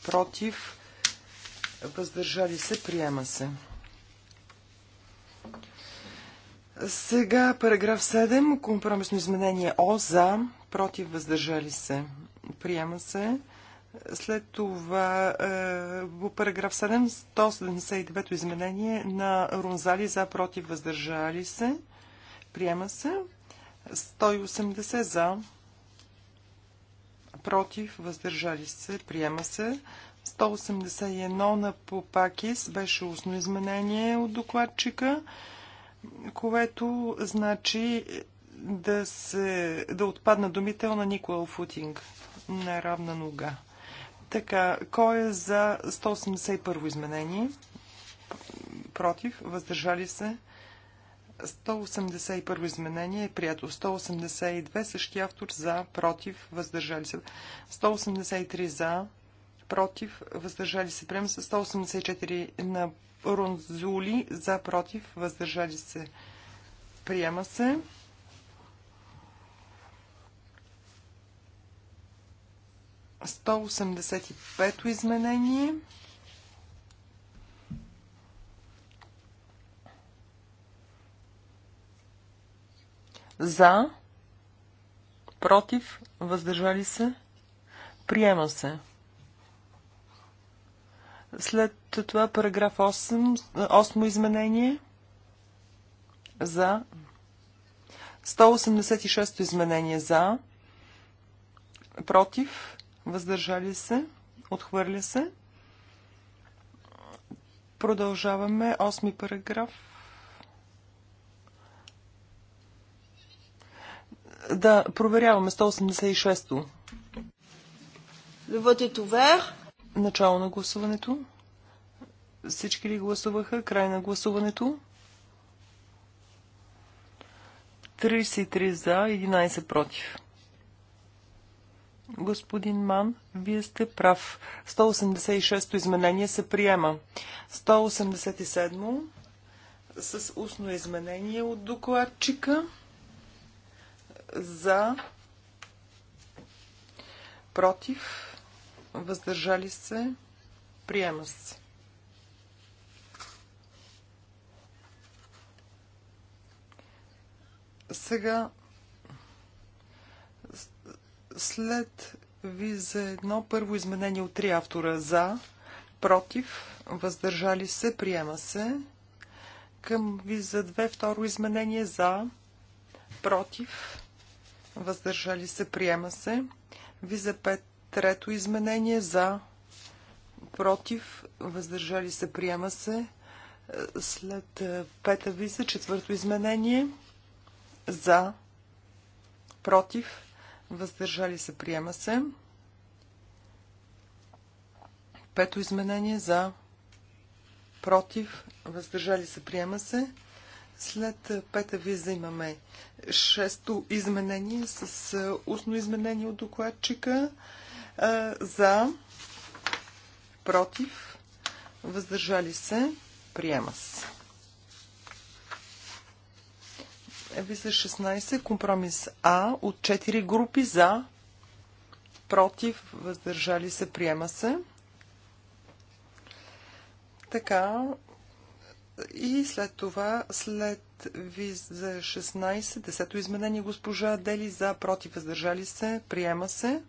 против, въздържали се, приема се. Сега параграф 7, компромисно изменение О за, против, въздържали се. Приема се. След това по е, параграф 7, 179 изменение на Рунзали за, против, въздържали се. Приема се. 180 за, против, въздържали се. Приема се. 181 на Попакис беше устно изменение от докладчика което значи да, се, да отпадна думител на Никол Футинг на равна нога. Така, кой е за 181 изменение? Против, въздържали се. 181 изменение е прието. 182 същия автор за, против, въздържали се. 183 за, против, въздържали се. Приема се 184 на Ронзули за против, въздържали се. Приема се. Сто осемдесет и пето изменение. За, против, въздържали се, приема се. След това параграф 8, 8 изменение за 186 изменение за против, въздържали се, отхвърля се. Продължаваме 8 параграф. Да, проверяваме 186-то. Le vote est ouvert. Начало на гласуването. Всички ли гласуваха? Край на гласуването. 33 за, 11 против. Господин Ман, вие сте прав. 186-то изменение се приема. 187-о с устно изменение от докладчика за против въздържали се, приема се. Сега, след ви за едно първо изменение от три автора за, против, въздържали се, приема се. Към ви за две второ изменение за, против, въздържали се, приема се. Ви за пет Трето изменение за, против, въздържали се, приема се. След е, пета виза, четвърто изменение за, против, въздържали се, приема се. Пето изменение за, против, въздържали се, приема се. След е, пета виза имаме шесто изменение с е, устно изменение от докладчика. Е, за, против, въздържали се, приема се. Е, виза 16, компромис А от 4 групи за, против, въздържали се, приема се. Така, и след това, след виза 16, 10-то изменение госпожа Дели за, против, въздържали се, приема се.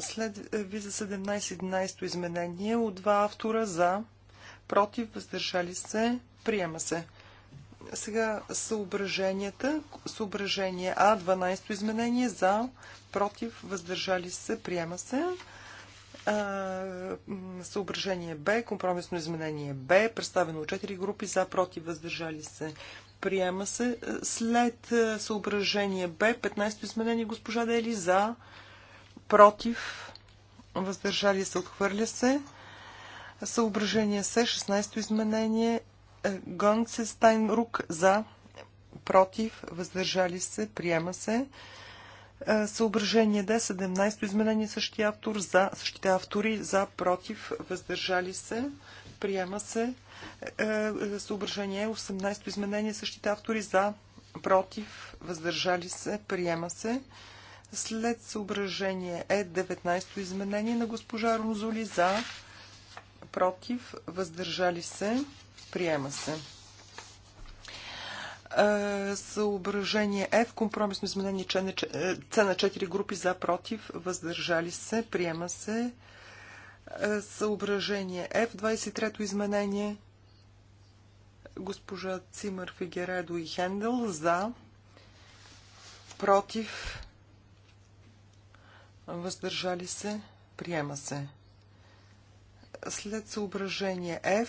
След е, виза 17-11 изменение от два автора за, против, въздържали се, приема се. Сега съображенията. Съображение А, 12-то изменение за, против, въздържали се, приема се. Съображение Б, компромисно изменение Б, представено от 4 групи за, против, въздържали се, приема се. След е, съображение Б, 15-то изменение госпожа Дели за, против, въздържали се, отхвърля се. Съображение С, 16-то изменение, е, Гонцестайн Рук за, против, въздържали се, приема се. Е, Съображение Д, 17-то изменение, същия автор, за, същите автори, за, против, въздържали се, приема се. Е, Съображение 18-то изменение, същите автори, за, против, въздържали се, приема се. След съображение е 19-то изменение на госпожа Рунзоли за, против, въздържали се, приема се. Е, съображение Е в компромисно изменение е, С на 4 групи за, против, въздържали се, приема се. Е, съображение Е в 23-то изменение госпожа Цимър Фигередо и Хендел за, против, въздържали се, приема се. След съображение F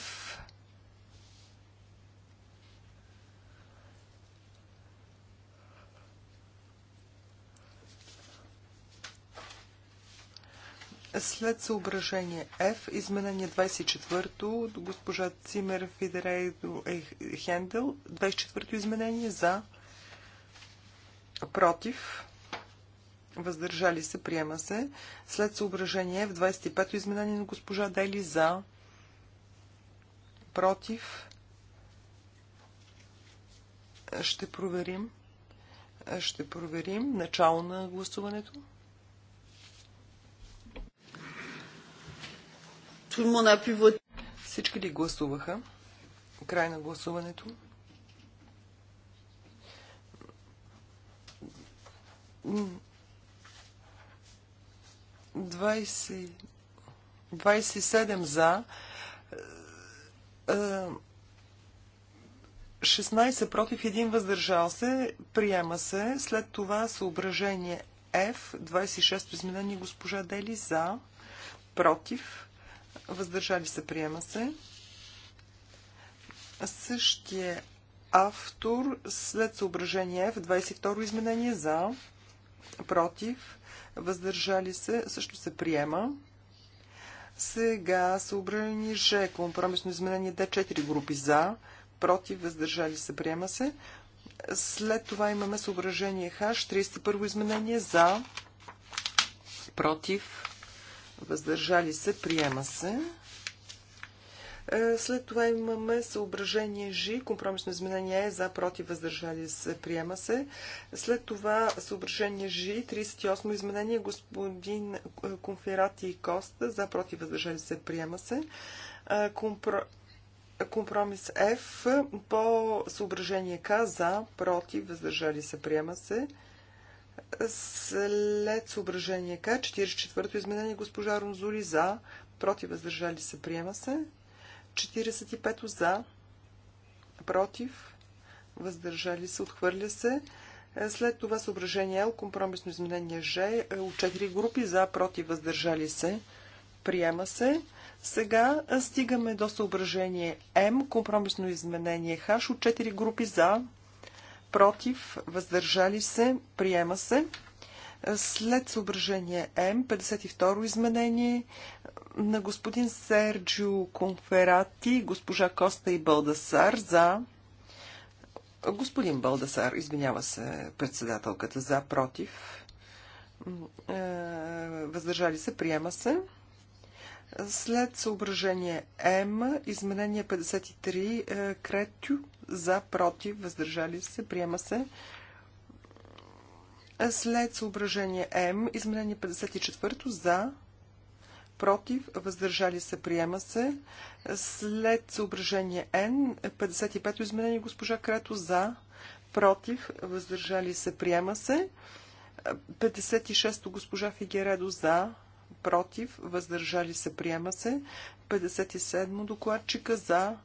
След съображение F, изменение 24-то, госпожа Цимер Фидерейдо Хендел, 24-то изменение за, против, въздържали се, приема се. След съображение в 25-то изменение на госпожа Дели за, против, ще проверим. Ще проверим начало на гласуването. Всички ли гласуваха? Край на гласуването. 27 за, 16 е, против, 1 въздържал се, приема се. След това съображение F, 26 изменение госпожа Дели за, против, въздържали се, приема се. Същия автор след съображение F, 22 изменение за, против, въздържали се, също се приема. Сега съобрани Ж, компромисно изменение Д, 4 групи за, против, въздържали се, приема се. След това имаме съображение Х, 31 изменение за, против, въздържали се, приема се. Е, след това имаме съображение Ж, компромисно изменение Е, за, против, въздържали се, приема се. След това съображение Ж, 38 изменение, господин е, Конферати и Коста, за, против, въздържали се, приема се. Е, компро... Компромис F по съображение К, за, против, въздържали се, приема се. След съображение К, 44-то изменение госпожа Ронзули за, против въздържали се, приема се. 45 за, против, въздържали се, отхвърля се. Е, след това съображение Л, компромисно изменение Ж, е, от 4 групи за, против, въздържали се, приема се. Сега е, стигаме до съображение М, компромисно изменение Х, от 4 групи за, против, въздържали се, приема се. След съображение М, 52-ро изменение на господин Серджио Конферати, госпожа Коста и Балдасар за... Господин Балдасар, извинява се председателката за, против. Е, въздържали се, приема се. След съображение М, изменение 53, е, Кретю, за, против, въздържали се, приема се. След съображение М, изменение 54 за, против, въздържали се, приема се. След съображение Н, 55 изменение госпожа Крето за, против, въздържали се, приема се. 56 госпожа Фигередо за, против, въздържали се, приема се. 57 докладчика за,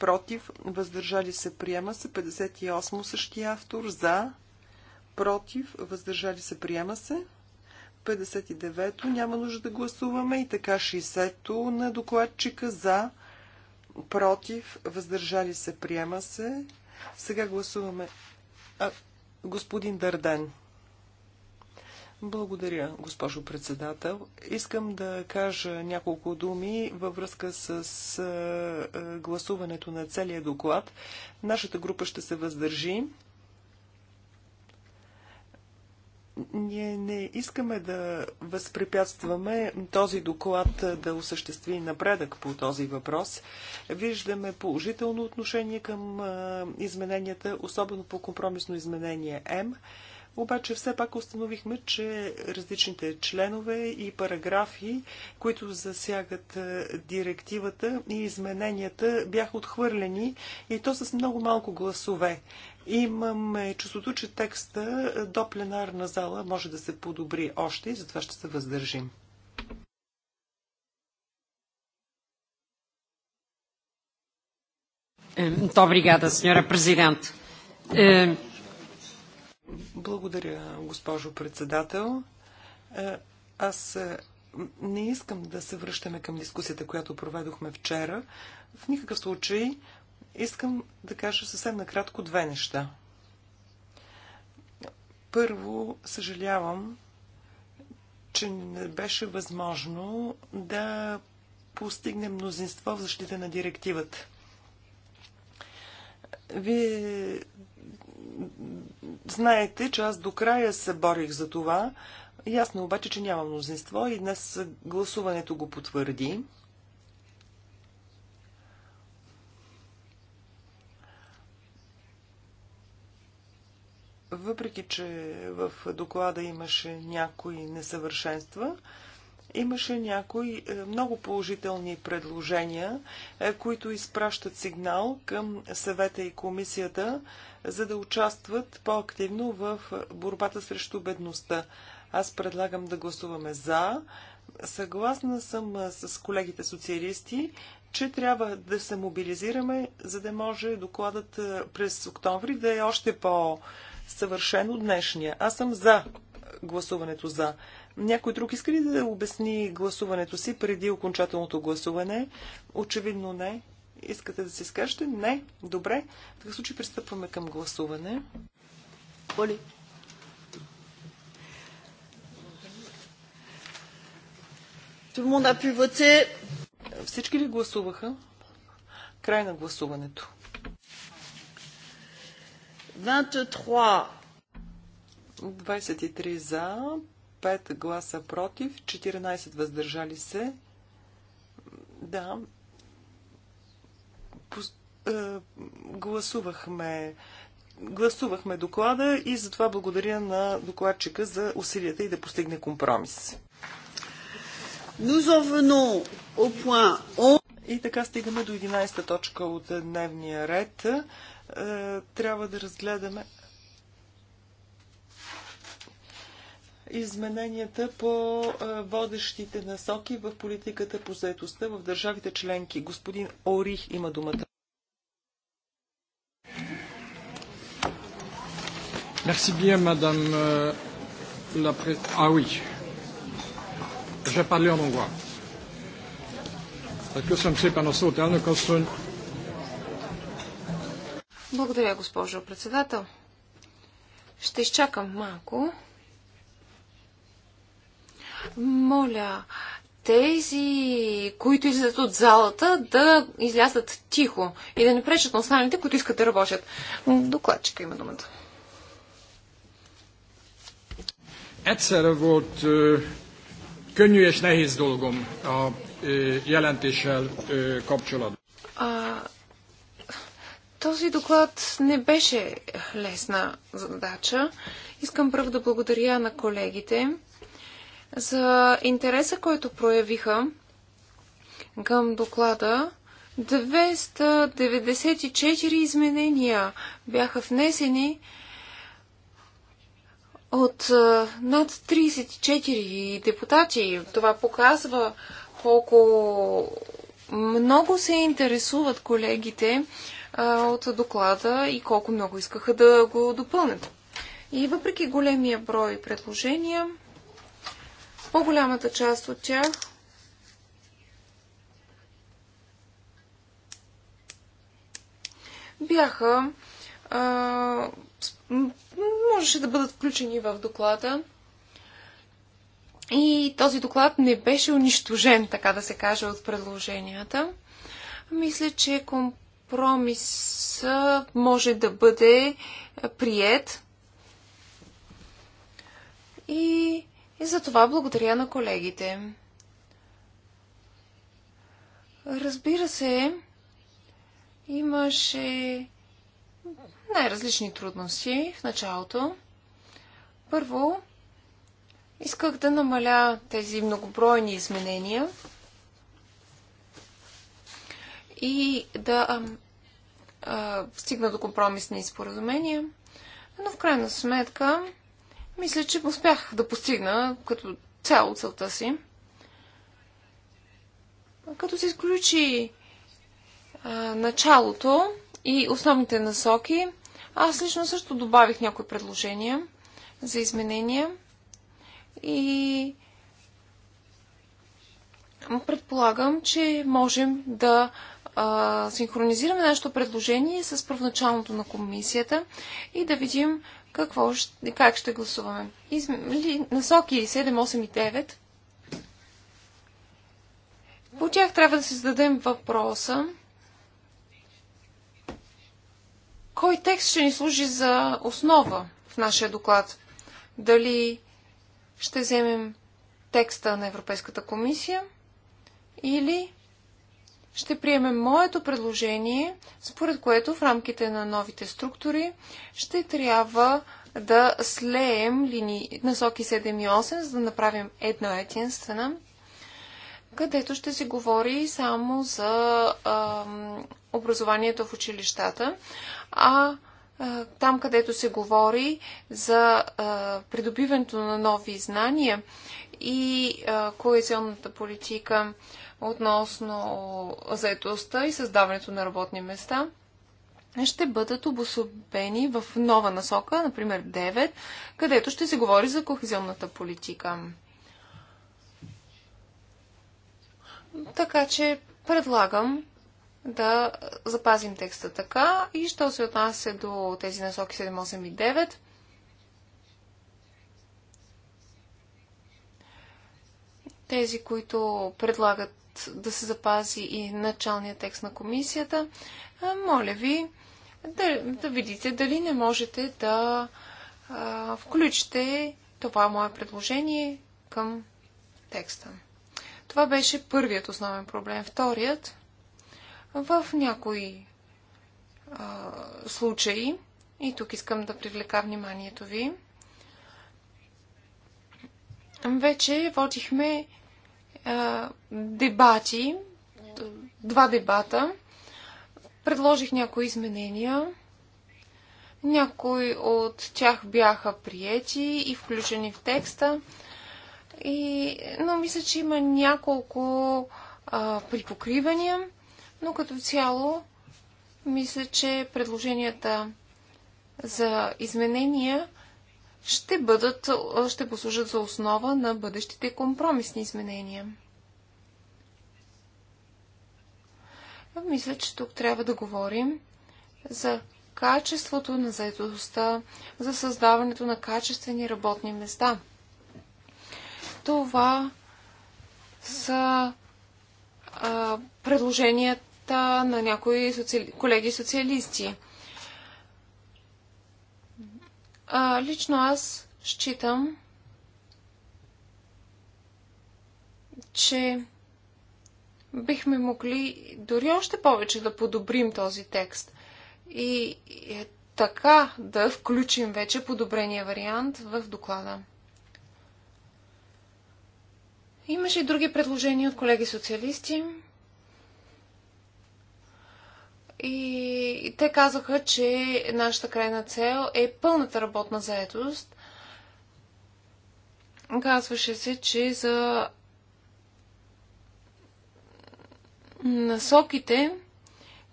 против, въздържали се, приема се. 58 същия автор за, против, въздържали се, приема се. 59-то няма нужда да гласуваме и така 60-то на докладчика за, против, въздържали се, приема се. Сега гласуваме а, господин Дарден. Благодаря, госпожо председател. Искам да кажа няколко думи във връзка с гласуването на целия доклад. Нашата група ще се въздържи. Ние не искаме да възпрепятстваме този доклад да осъществи напредък по този въпрос. Виждаме положително отношение към измененията, особено по компромисно изменение М. Обаче все пак установихме, че различните членове и параграфи, които засягат е, директивата и измененията, бяха отхвърлени и то с много малко гласове. Имаме чувството, че текста е, до пленарна зала може да се подобри още и затова ще се въздържим. Добре, гада, Sra. президент. Е, благодаря, госпожо председател. Е, аз е, не искам да се връщаме към дискусията, която проведохме вчера. В никакъв случай искам да кажа съвсем накратко две неща. Първо, съжалявам, че не беше възможно да постигне мнозинство в защита на директивата. Вие знаете, че аз до края се борих за това. Ясно обаче, че няма мнозинство и днес гласуването го потвърди. Въпреки, че в доклада имаше някои несъвършенства, Имаше някои е, много положителни предложения, е, които изпращат сигнал към съвета и комисията, за да участват по-активно в е, борбата срещу бедността. Аз предлагам да гласуваме за. Съгласна съм с колегите социалисти, че трябва да се мобилизираме, за да може докладът през октомври да е още по-съвършен от днешния. Аз съм за гласуването за. Някой друг иска ли да обясни гласуването си преди окончателното гласуване? Очевидно не. Искате да се скажете? Не. Добре. В такъв случай пристъпваме към гласуване. Поли. Всички ли гласуваха? Край на гласуването. 23 23 за, 5 гласа против, 14 въздържали се. Да. Пос... Е, гласувахме гласувахме доклада и затова благодаря на докладчика за усилията и да постигне компромис. И така стигаме до 11 точка от дневния ред. Е, трябва да разгледаме... измененията по е, водещите насоки в политиката по заедостта в държавите членки. Господин Орих има думата. Merci bien, madame euh, la présidente. Ah oui, je vais parler en hongrois. Köszönöm szépen a szót, elnök asszony. Благодаря, госпожо председател. Ще изчакам малко. Моля, тези, които излизат от залата, да излязат тихо и да не пречат на останалите, които искат да работят. Докладчика има думата. Egyszerre volt ö, könnyű és nehéz dolgom a ö, jelentéssel ö, kapcsolatban. този доклад не беше лесна задача. Искам първо да благодаря на колегите за интереса, който проявиха към доклада. 294 изменения бяха внесени от над 34 депутати. Това показва колко много се интересуват колегите от доклада и колко много искаха да го допълнят. И въпреки големия брой предложения, по-голямата част от тях бяха а, можеше да бъдат включени в доклада. И този доклад не беше унищожен, така да се каже, от предложенията. Мисля, че компромис може да бъде прият. И и за това благодаря на колегите. Разбира се, имаше най-различни трудности в началото. Първо, исках да намаля тези многобройни изменения и да а, а, стигна до компромисни споразумения, но в крайна сметка мисля, че успях да постигна като цяло целта си. Като се изключи а, началото и основните насоки, аз лично също добавих някои предложения за изменения и предполагам, че можем да а, синхронизираме нашето предложение с първоначалното на комисията и да видим какво, как ще гласуваме? Из, насоки 7, 8 и 9. По тях трябва да се зададем въпроса. Кой текст ще ни служи за основа в нашия доклад? Дали ще вземем текста на Европейската комисия или ще приемем моето предложение, според което в рамките на новите структури ще трябва да слеем линии, насоки 7 и 8, за да направим една единствена, където ще се говори само за а, образованието в училищата, а там, където се говори за а, придобиването на нови знания и а, коалиционната политика, относно заедостта и създаването на работни места ще бъдат обособени в нова насока, например 9, където ще се говори за кохезионната политика. Така че предлагам да запазим текста така и що се отнася до тези насоки 7, 8 и 9, тези, които предлагат да се запази и началния текст на комисията, моля ви да, да видите дали не можете да а, включите това мое предложение към текста. Това беше първият основен проблем. Вторият, в някои а, случаи, и тук искам да привлека вниманието ви, вече водихме е, дебати, два дебата. Предложих някои изменения. Някои от тях бяха приети и включени в текста. И, но мисля, че има няколко а, припокривания, но като цяло мисля, че предложенията за изменения ще, бъдат, ще послужат за основа на бъдещите компромисни изменения. Мисля, че тук трябва да говорим за качеството на заедостта, за създаването на качествени работни места. Това са а, предложенията на някои социали... колеги социалисти. А, лично аз считам, че бихме могли дори още повече да подобрим този текст. И е така да включим вече подобрения вариант в доклада. Имаше и други предложения от колеги социалисти. И те казаха, че нашата крайна цел е пълната работна заедост. Казваше се, че за насоките,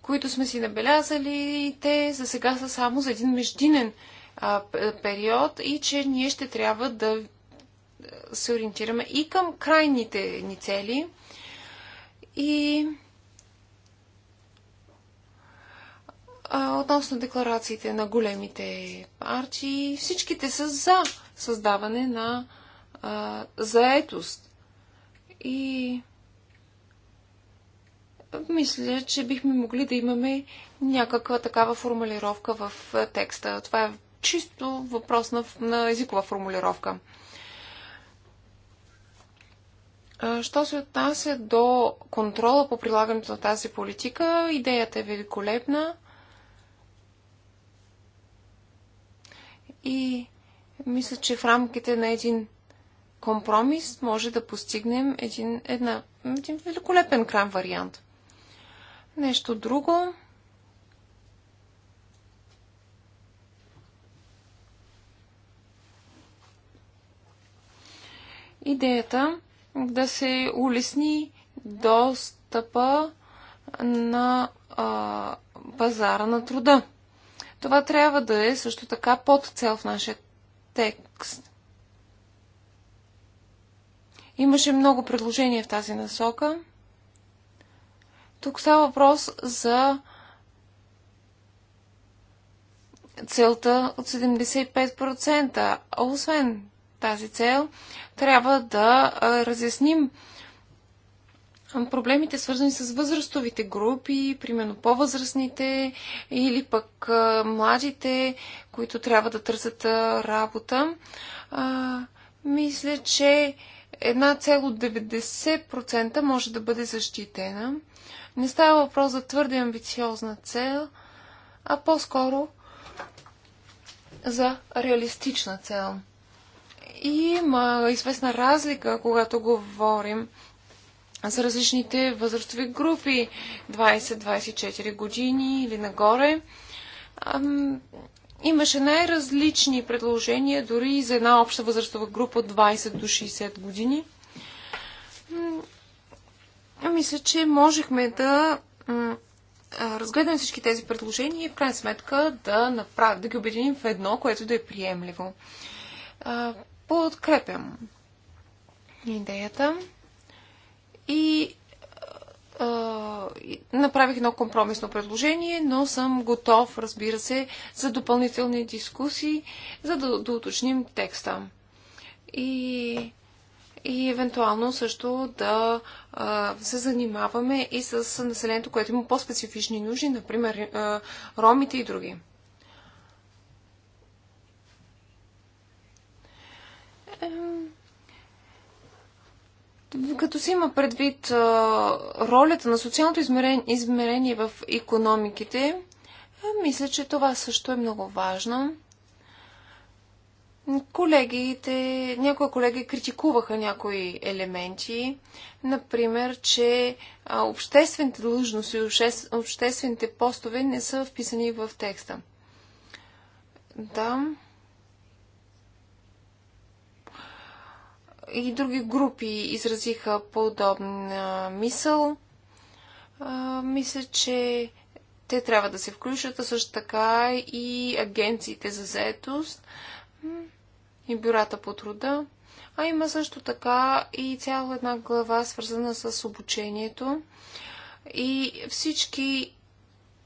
които сме си набелязали, те за сега са само за един междинен а, период и че ние ще трябва да се ориентираме и към крайните ни цели. И А, относно декларациите на големите партии, всичките са за създаване на а, заетост. И мисля, че бихме могли да имаме някаква такава формулировка в текста. Това е чисто въпрос на, на езикова формулировка. Що се отнася до контрола по прилагането на тази политика, идеята е великолепна. и мисля, че в рамките на един компромис може да постигнем един, една, един великолепен крам вариант. Нещо друго. Идеята да се улесни достъпа на а, пазара на труда. Това трябва да е също така под цел в нашия текст. Имаше много предложения в тази насока. Тук става въпрос за целта от 75%. Освен тази цел, трябва да разясним проблемите свързани с възрастовите групи, примерно по-възрастните или пък младите, които трябва да търсят работа. А, мисля, че една цел от 90% може да бъде защитена. Не става въпрос за твърде амбициозна цел, а по-скоро за реалистична цел. И има известна разлика, когато говорим за различните възрастови групи 20-24 години или нагоре. Имаше най-различни предложения, дори и за една обща възрастова група от 20 до 60 години. Мисля, че можехме да разгледаме всички тези предложения и в крайна сметка да, направ... да ги обединим в едно, което да е приемливо. Подкрепям идеята и направих едно компромисно предложение, но съм готов, разбира се, за допълнителни дискусии, за да, да уточним текста. И, и евентуално също да а, се занимаваме и с населението, което има по-специфични нужди, например а, ромите и други. Um... Като се има предвид ролята на социалното измерение в економиките, мисля, че това също е много важно. Колегите, някои колеги критикуваха някои елементи, например, че обществените длъжности и обществените постове не са вписани в текста. Да. и други групи изразиха подобна мисъл. Мисля, че те трябва да се включат, а също така и агенциите за заетост и бюрата по труда. А има също така и цяла една глава, свързана с обучението и всички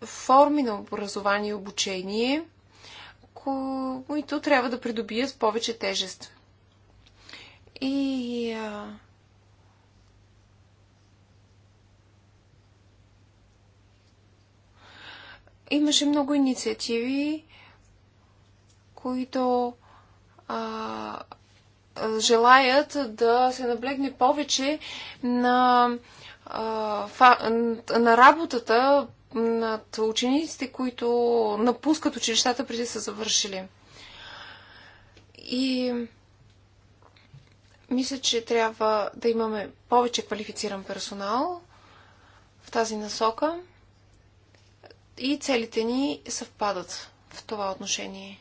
форми на образование и обучение, които трябва да придобият повече тежест. И а, имаше много инициативи, които а, желаят да се наблегне повече на, а, фа, на работата над учениците, които напускат училищата преди са завършили. И мисля, че трябва да имаме повече квалифициран персонал в тази насока и целите ни съвпадат в това отношение.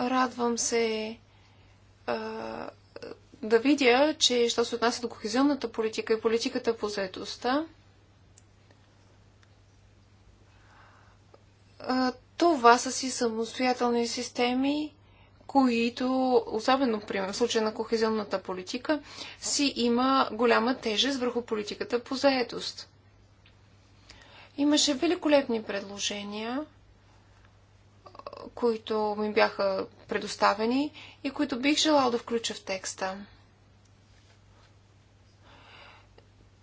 Радвам се а, да видя, че що се отнася до кохезионната политика и политиката по заедостта, а, това са си самостоятелни системи, които, особено пример, в случая на кохезионната политика, си има голяма тежест върху политиката по заедост. Имаше великолепни предложения, които ми бяха предоставени и които бих желал да включа в текста.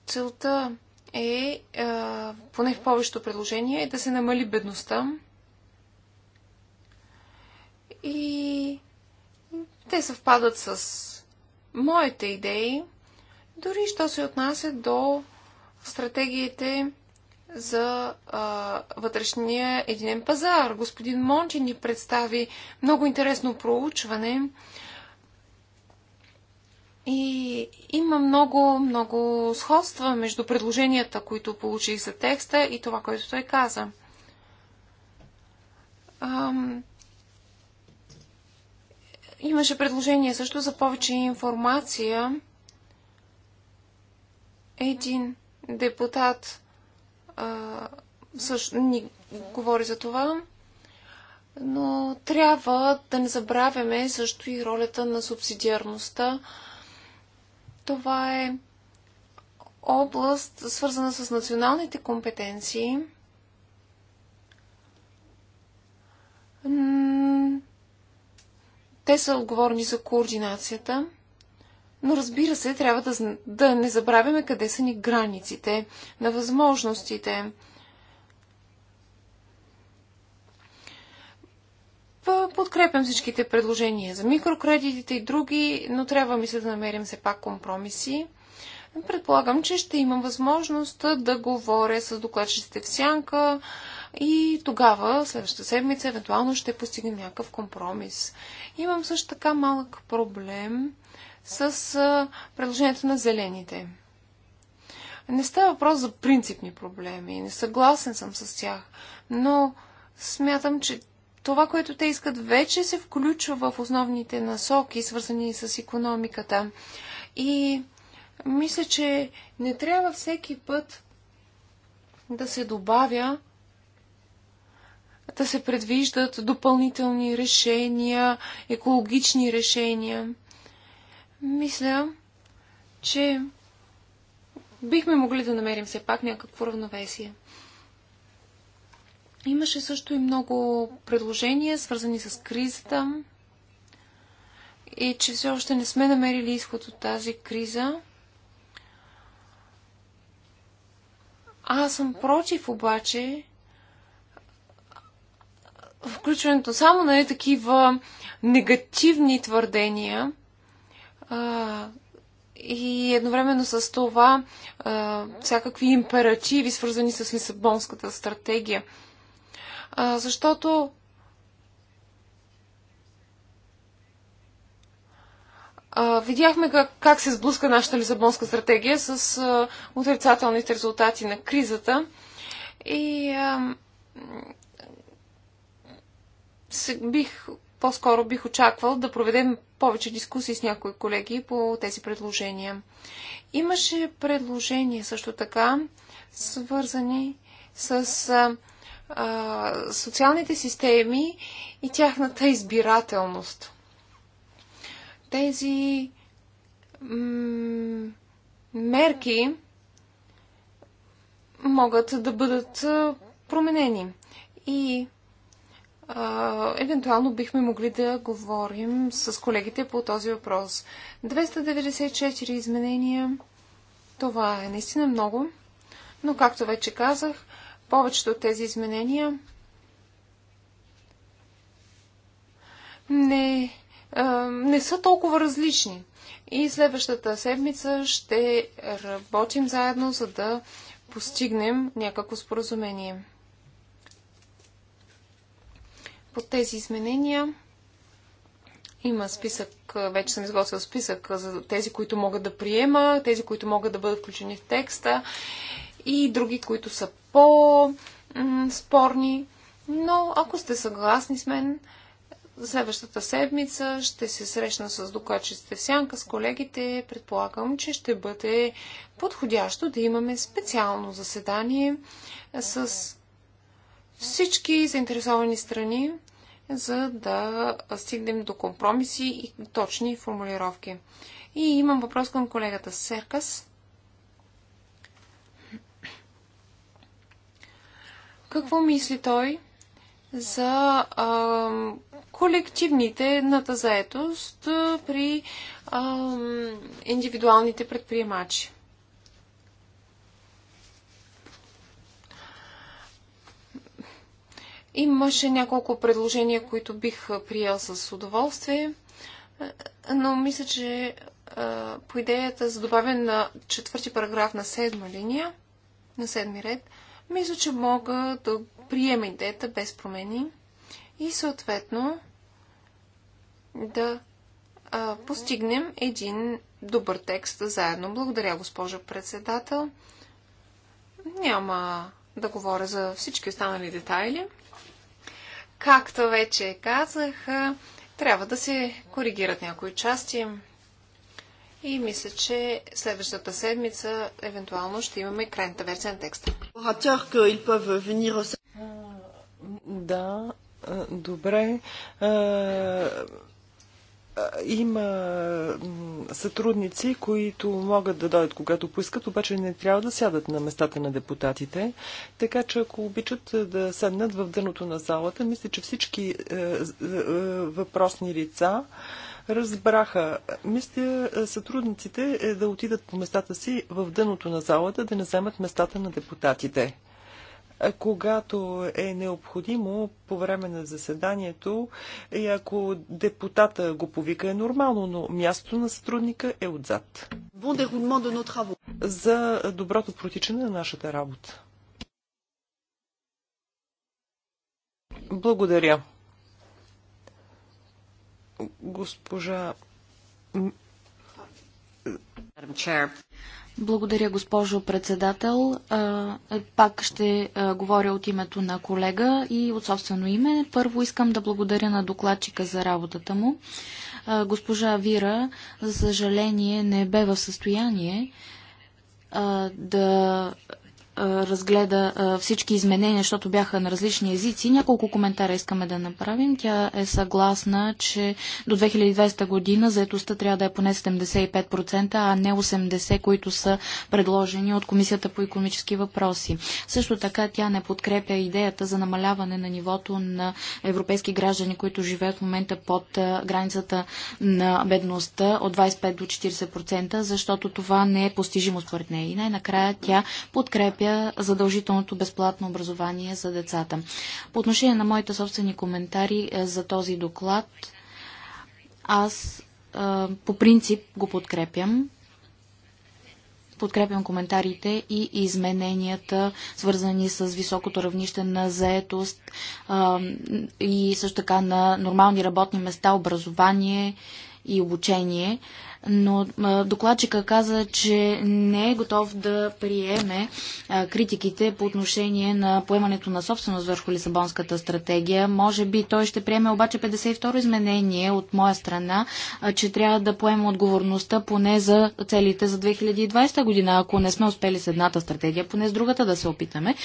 Целта е, поне в повечето предложения, е да се намали бедността и те съвпадат с моите идеи, дори що се отнася до стратегиите за а, вътрешния единен пазар. Господин Мончи ни представи много интересно проучване и има много, много сходства между предложенията, които получих за текста и това, което той каза. Ам, Имаше предложение също за повече информация. Един депутат а, също ни говори за това, но трябва да не забравяме също и ролята на субсидиарността. Това е област, свързана с националните компетенции. Те са отговорни за координацията, но разбира се, трябва да, да не забравяме къде са ни границите на възможностите. Подкрепям всичките предложения за микрокредитите и други, но трябва мисля да намерим все пак компромиси. Предполагам, че ще имам възможност да говоря с докладчиците в сянка и тогава, следващата седмица, евентуално ще постигнем някакъв компромис. Имам също така малък проблем с предложението на зелените. Не става въпрос за принципни проблеми. Не съгласен съм с тях. Но смятам, че това, което те искат, вече се включва в основните насоки, свързани с економиката. И мисля, че не трябва всеки път да се добавя да се предвиждат допълнителни решения, екологични решения. Мисля, че бихме могли да намерим все пак някакво равновесие. Имаше също и много предложения, свързани с кризата и че все още не сме намерили изход от тази криза. Аз съм против обаче включването само на такива негативни твърдения а, и едновременно с това а, всякакви императиви, свързани с Лисабонската стратегия. А, защото видяхме как, как се сблъска нашата Лисабонска стратегия с а, отрицателните резултати на кризата. И а, бих, по-скоро бих очаквал да проведем повече дискусии с някои колеги по тези предложения. Имаше предложения също така, свързани с а, социалните системи и тяхната избирателност. Тези мерки могат да бъдат променени. И евентуално бихме могли да говорим с колегите по този въпрос. 294 изменения. Това е наистина много, но както вече казах, повечето от тези изменения не, а, не са толкова различни. И следващата седмица ще работим заедно, за да постигнем някакво споразумение по тези изменения има списък, вече съм изготвил списък за тези, които могат да приема, тези, които могат да бъдат включени в текста и други, които са по-спорни. Но ако сте съгласни с мен, следващата седмица ще се срещна с докачите в сянка, с колегите. Предполагам, че ще бъде подходящо да имаме специално заседание с всички заинтересовани страни, за да стигнем до компромиси и точни формулировки. И имам въпрос към колегата Серкас. Какво мисли той за а, колективните натазаетост при а, индивидуалните предприемачи? Имаше няколко предложения, които бих приел с удоволствие, но мисля, че по идеята за добавяне на четвърти параграф на седма линия, на седми ред, мисля, че мога да приема идеята без промени и съответно да а, постигнем един добър текст заедно. Благодаря, госпожо председател. Няма да говоря за всички останали детайли. Както вече казах, трябва да се коригират някои части. И мисля, че следващата седмица евентуално ще имаме крайната версия на текста. Да, добре има сътрудници, които могат да дойдат когато поискат, обаче не трябва да сядат на местата на депутатите. Така че ако обичат да седнат в дъното на залата, мисля, че всички е, е, е, въпросни лица разбраха. Мисля сътрудниците е да отидат по местата си в дъното на залата, да не вземат местата на депутатите когато е необходимо по време на заседанието и ако депутата го повика е нормално, но мястото на сътрудника е отзад. За доброто протичане на нашата работа. Благодаря. Госпожа. Благодаря, госпожо председател. Пак ще говоря от името на колега и от собствено име. Първо искам да благодаря на докладчика за работата му. Госпожа Вира, за съжаление, не бе в състояние да разгледа всички изменения, защото бяха на различни езици. Няколко коментара искаме да направим. Тя е съгласна, че до 2020 година заетостта трябва да е поне 75%, а не 80%, които са предложени от Комисията по економически въпроси. Също така тя не подкрепя идеята за намаляване на нивото на европейски граждани, които живеят в момента под границата на бедността от 25 до 40%, защото това не е постижимо според нея. И най-накрая тя подкрепя подкрепя задължителното безплатно образование за децата. По отношение на моите собствени коментари е, за този доклад, аз е, по принцип го подкрепям. Подкрепям коментарите и измененията, свързани с високото равнище на заетост е, и също така на нормални работни места, образование и обучение но докладчика каза, че не е готов да приеме критиките по отношение на поемането на собственост върху Лисабонската стратегия. Може би той ще приеме обаче 52 изменение от моя страна, че трябва да поема отговорността поне за целите за 2020 година. Ако не сме успели с едната стратегия, поне с другата да се опитаме.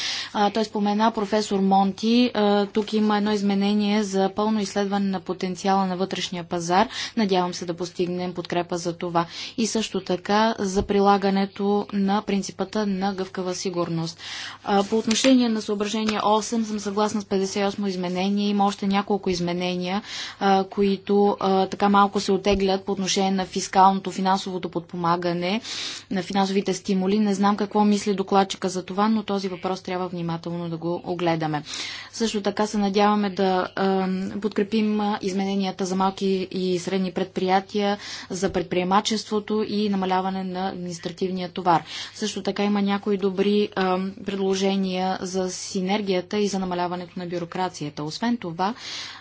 Той спомена професор Монти. Тук има едно изменение за пълно изследване на потенциала на вътрешния пазар. Надявам се да постигнем подкрепа за за това. И също така за прилагането на принципата на гъвкава сигурност. По отношение на съображение 8 съм съгласна с 58 изменение. Има още няколко изменения, които така малко се отеглят по отношение на фискалното, финансовото подпомагане, на финансовите стимули. Не знам какво мисли докладчика за това, но този въпрос трябва внимателно да го огледаме. Също така се надяваме да подкрепим измененията за малки и средни предприятия, за предприятия предприемачеството и намаляване на административния товар. Също така има някои добри а, предложения за синергията и за намаляването на бюрокрацията. Освен това,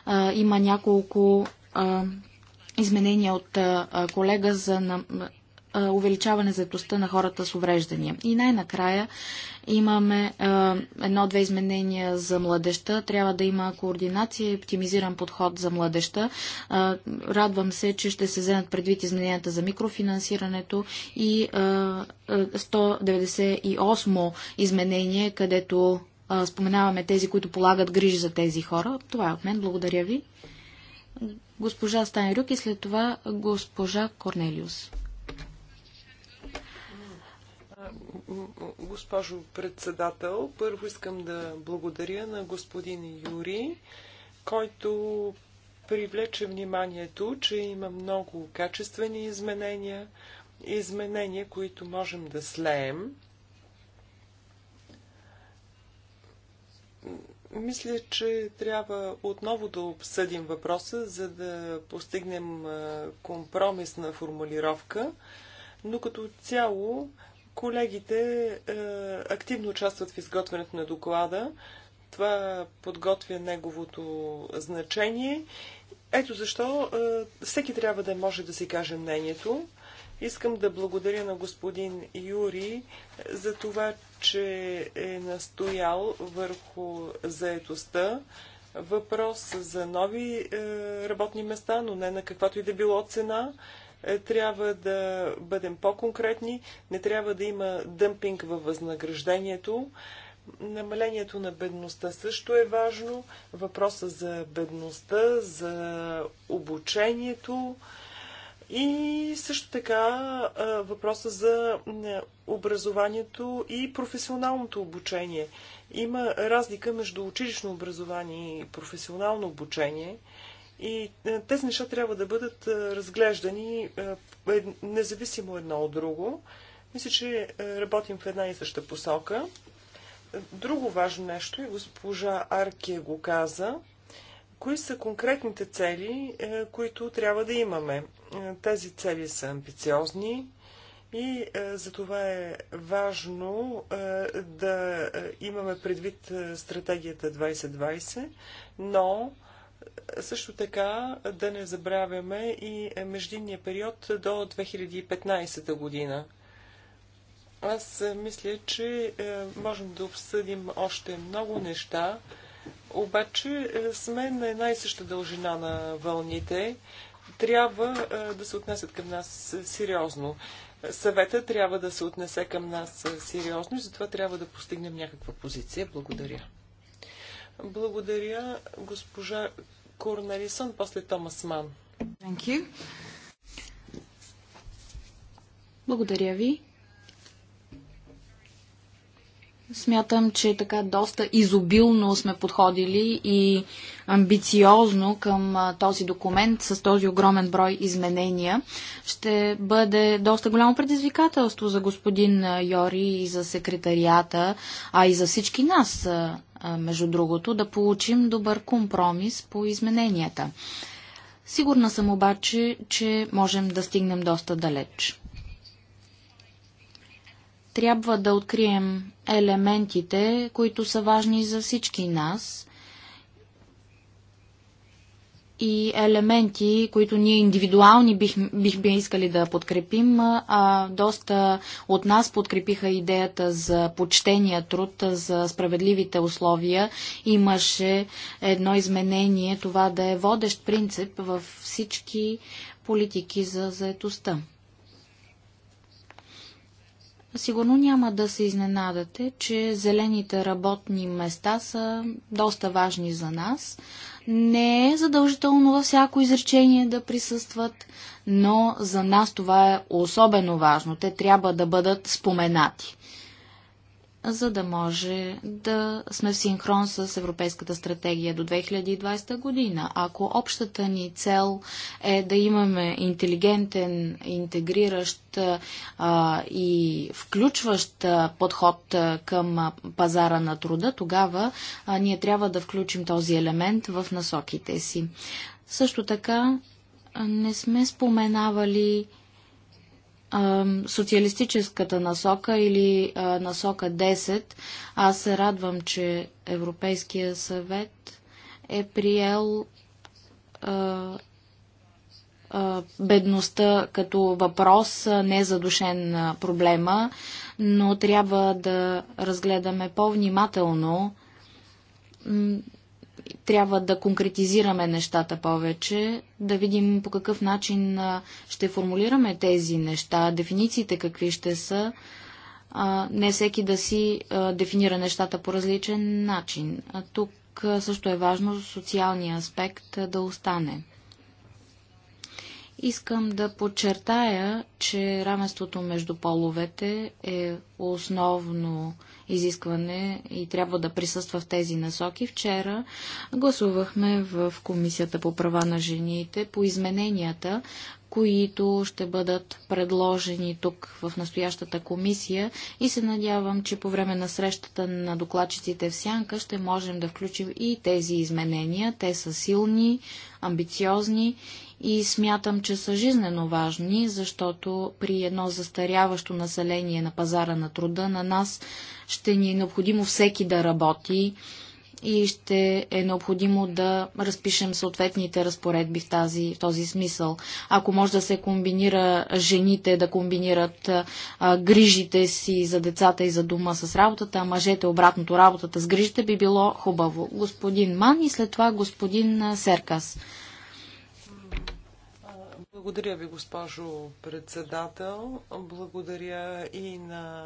а, има няколко а, изменения от колега за увеличаване заетостта на хората с увреждания. И най-накрая имаме едно-две изменения за младеща. Трябва да има координация и оптимизиран подход за младеща. Радвам се, че ще се вземат предвид измененията за микрофинансирането и 198 изменение, където споменаваме тези, които полагат грижи за тези хора. Това е от мен. Благодаря ви. Госпожа Стайнрюк и след това госпожа Корнелиус. Госпожо председател, първо искам да благодаря на господин Юри, който привлече вниманието, че има много качествени изменения, изменения, които можем да слеем. Мисля, че трябва отново да обсъдим въпроса, за да постигнем компромисна формулировка, но като цяло Колегите е, активно участват в изготвянето на доклада. Това подготвя неговото значение. Ето защо е, всеки трябва да може да си каже мнението. Искам да благодаря на господин Юри е, за това, че е настоял върху заетостта. Въпрос за нови е, работни места, но не на каквато и да било цена. Е, трябва да бъдем по-конкретни, не трябва да има дъмпинг във възнаграждението. Намалението на бедността също е важно. Въпроса за бедността, за обучението и също така въпроса за образованието и професионалното обучение. Има разлика между училищно образование и професионално обучение – и е, тези неща трябва да бъдат е, разглеждани е, независимо едно от друго. Мисля, че работим в една и съща посока. Друго важно нещо, и госпожа Аркия го каза, кои са конкретните цели, които трябва да имаме. Тези цели са амбициозни и за това е важно да имаме предвид стратегията 2020, но също така да не забравяме и междинния период до 2015 година. Аз мисля, че е, можем да обсъдим още много неща, обаче е, сме на една и съща дължина на вълните. Трябва е, да се отнесат към нас сериозно. Съвета трябва да се отнесе към нас сериозно и затова трябва да постигнем някаква позиция. Благодаря. Благодаря госпожа Корнелисън, после Томас Ман. Thank you. Благодаря ви. Смятам, че така доста изобилно сме подходили и амбициозно към този документ с този огромен брой изменения. Ще бъде доста голямо предизвикателство за господин Йори и за секретарията, а и за всички нас между другото, да получим добър компромис по измененията. Сигурна съм обаче, че можем да стигнем доста далеч. Трябва да открием елементите, които са важни за всички нас и елементи, които ние индивидуални бих, би искали да подкрепим. А, доста от нас подкрепиха идеята за почтения труд, за справедливите условия. Имаше едно изменение това да е водещ принцип във всички политики за заетостта. Сигурно няма да се изненадате, че зелените работни места са доста важни за нас – не е задължително във всяко изречение да присъстват, но за нас това е особено важно. Те трябва да бъдат споменати за да може да сме в синхрон с Европейската стратегия до 2020 година. Ако общата ни цел е да имаме интелигентен, интегриращ а, и включващ подход към пазара на труда, тогава а, ние трябва да включим този елемент в насоките си. Също така не сме споменавали социалистическата насока или насока 10. Аз се радвам, че Европейския съвет е приел бедността като въпрос не задушен проблема, но трябва да разгледаме по-внимателно трябва да конкретизираме нещата повече, да видим по какъв начин ще формулираме тези неща, дефинициите какви ще са. Не всеки да си дефинира нещата по различен начин. А тук също е важно социалния аспект да остане. Искам да подчертая, че равенството между половете е основно изискване и трябва да присъства в тези насоки. Вчера гласувахме в Комисията по права на жените по измененията, които ще бъдат предложени тук в настоящата комисия и се надявам, че по време на срещата на докладчиците в Сянка ще можем да включим и тези изменения. Те са силни, амбициозни и смятам, че са жизнено важни, защото при едно застаряващо население на пазара на труда на нас ще ни е необходимо всеки да работи и ще е необходимо да разпишем съответните разпоредби в, тази, в този смисъл. Ако може да се комбинира жените да комбинират а, грижите си за децата и за дома с работата, а мъжете обратното работата с грижите би било хубаво. Господин Ман и след това господин Серкас. Благодаря ви, госпожо председател. Благодаря и на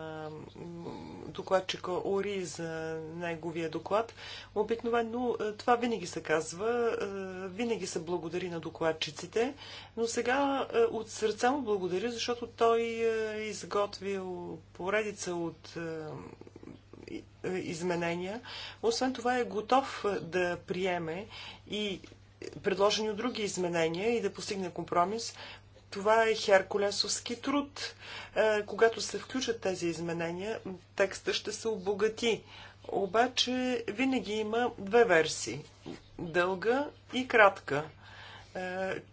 докладчика Ори за неговия доклад. Обикновено е, това винаги се казва, е, винаги се благодари на докладчиците, но сега е, от сърца му благодаря, защото той е изготвил поредица от изменения. Освен това е готов да приеме и предложени от други изменения и да постигне компромис, това е херкулесовски труд. Е, когато се включат тези изменения, текста ще се обогати. Обаче винаги има две версии дълга и кратка. Е,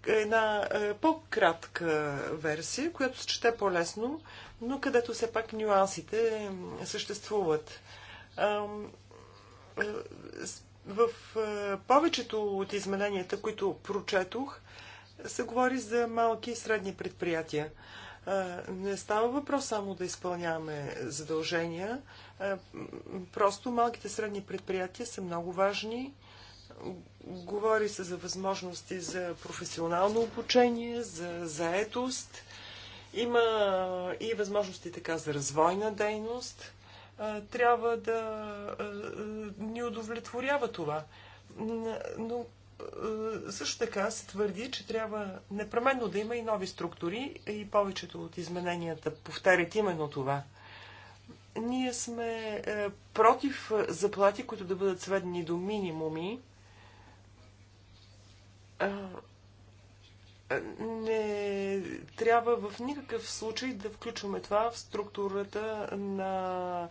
една е, по-кратка версия, която се чете по-лесно, но където все пак нюансите съществуват в е, повечето от измененията, които прочетох, се говори за малки и средни предприятия. Е, не става въпрос само да изпълняваме задължения. Е, просто малките и средни предприятия са много важни. Говори се за възможности за професионално обучение, за заетост. Има и възможности така за развойна дейност трябва да ни удовлетворява това. Но също така се твърди, че трябва непременно да има и нови структури и повечето от измененията повтарят именно това. Ние сме е, против заплати, които да бъдат сведени до минимуми не трябва в никакъв случай да включваме това в структурата на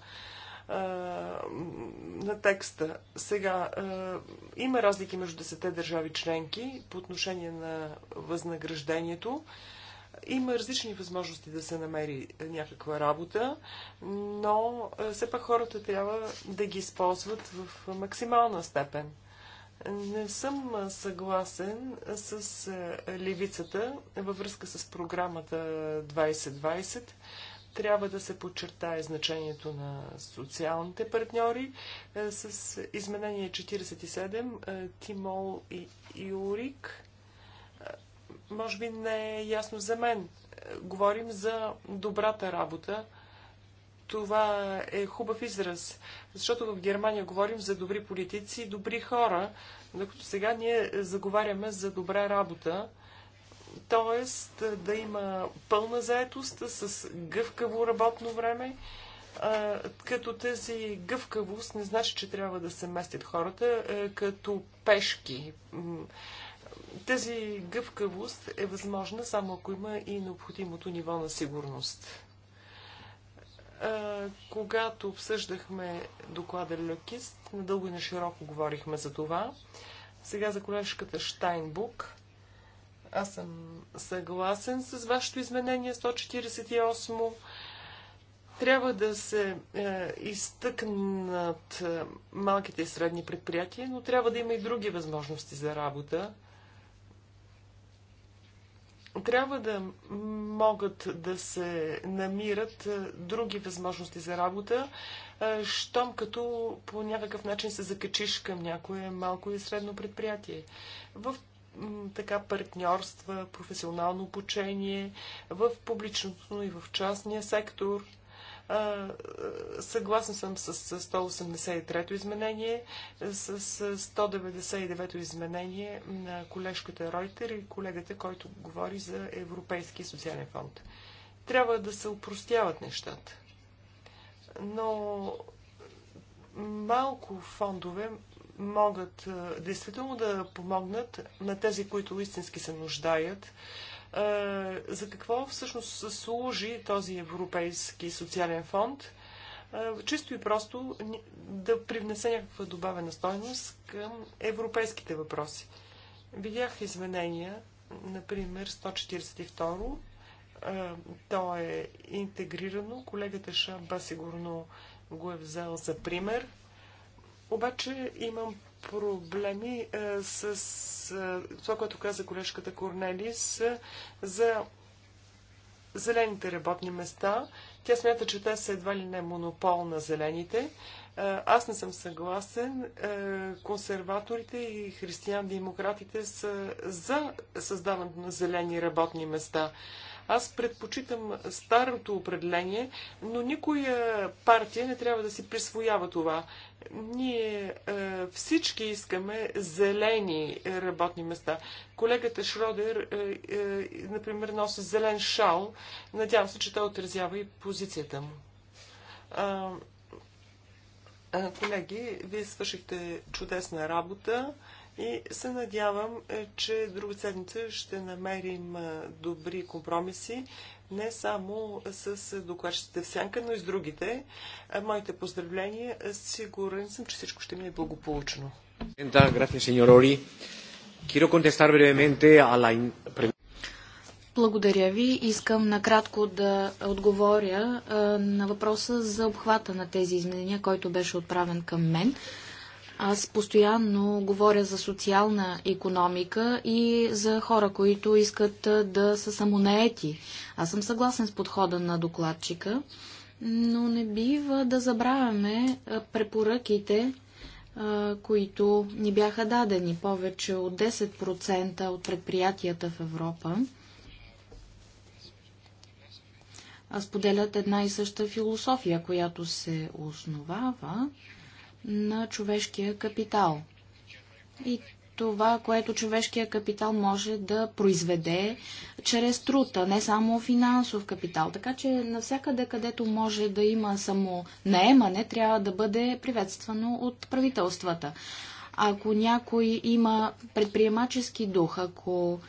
на текста. Сега, има разлики между 10 държави членки по отношение на възнаграждението. Има различни възможности да се намери някаква работа, но все пак хората трябва да ги използват в максимална степен. Не съм съгласен с левицата във връзка с програмата 2020. Трябва да се подчертае значението на социалните партньори. С изменение 47 Тимол и Юрик. Може би не е ясно за мен. Говорим за добрата работа, това е хубав израз, защото в Германия говорим за добри политици и добри хора, докато сега ние заговаряме за добра работа, т.е. да има пълна заетост с гъвкаво работно време, като тази гъвкавост не значи, че трябва да се местят хората като пешки. Тази гъвкавост е възможна само ако има и необходимото ниво на сигурност когато обсъждахме доклада Лекист, надълго и на широко говорихме за това. Сега за колежката Штайнбук. Аз съм съгласен с вашето изменение 148. Трябва да се е, изтъкнат е, малките и средни предприятия, но трябва да има и други възможности за работа трябва да могат да се намират е, други възможности за работа, е, щом като по някакъв начин се закачиш към някое малко и средно предприятие. В така партньорства, професионално обучение, в публичното и в частния сектор – Съгласна съм с 183-то изменение, с 199-то изменение на колежката Ройтер и колегата, който говори за Европейския социален фонд. Трябва да се упростяват нещата. Но малко фондове могат действително да помогнат на тези, които истински се нуждаят е, за какво всъщност служи този Европейски социален фонд. Е, чисто и просто да привнесе някаква добавена стойност към европейските въпроси. Видях изменения, например 142 е, то е интегрирано. Колегата Шамба сигурно го е взел за пример. Обаче имам проблеми е, с е, това, което каза колежката Корнелис е, за зелените работни места. Тя смята, че те са едва ли не монопол на зелените. Аз не съм съгласен. Консерваторите и християн-демократите са за създаването на зелени работни места. Аз предпочитам старото определение, но никоя партия не трябва да си присвоява това. Ние е, всички искаме зелени е, работни места. Колегата Шродер, е, е, например, носи зелен шал. Надявам се, че той отразява и позицията му. А, колеги, вие свършихте чудесна работа. И се надявам, е, че друга седмица ще намерим е, добри компромиси, не само с е, докладчите в сянка, но и с другите. Моите поздравления. Сигурен съм, че всичко ще мине благополучно. Благодаря ви. Искам накратко да отговоря на въпроса за обхвата на тези изменения, който беше отправен към мен. Аз постоянно говоря за социална економика и за хора, които искат да са самонаети. Аз съм съгласен с подхода на докладчика, но не бива да забравяме препоръките, които ни бяха дадени. Повече от 10% от предприятията в Европа споделят една и съща философия, която се основава на човешкия капитал. И това, което човешкия капитал може да произведе чрез труд, а не само финансов капитал. Така че навсякъде, където може да има само наемане, трябва да бъде приветствано от правителствата. Ако някой има предприемачески дух, ако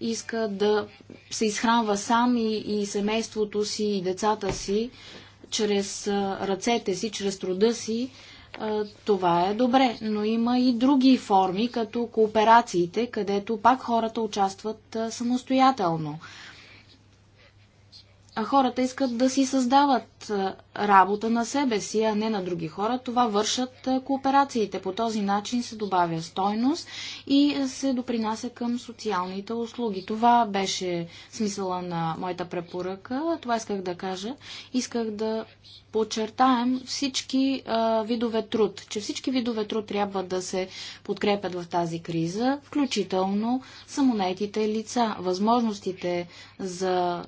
иска да се изхранва сам и, и семейството си, и децата си, чрез ръцете си, чрез труда си, това е добре, но има и други форми, като кооперациите, където пак хората участват самостоятелно хората искат да си създават работа на себе си, а не на други хора. Това вършат кооперациите. По този начин се добавя стойност и се допринася към социалните услуги. Това беше смисъла на моята препоръка. Това исках да кажа. Исках да подчертаем всички а, видове труд, че всички видове труд трябва да се подкрепят в тази криза, включително самонетите лица. Възможностите за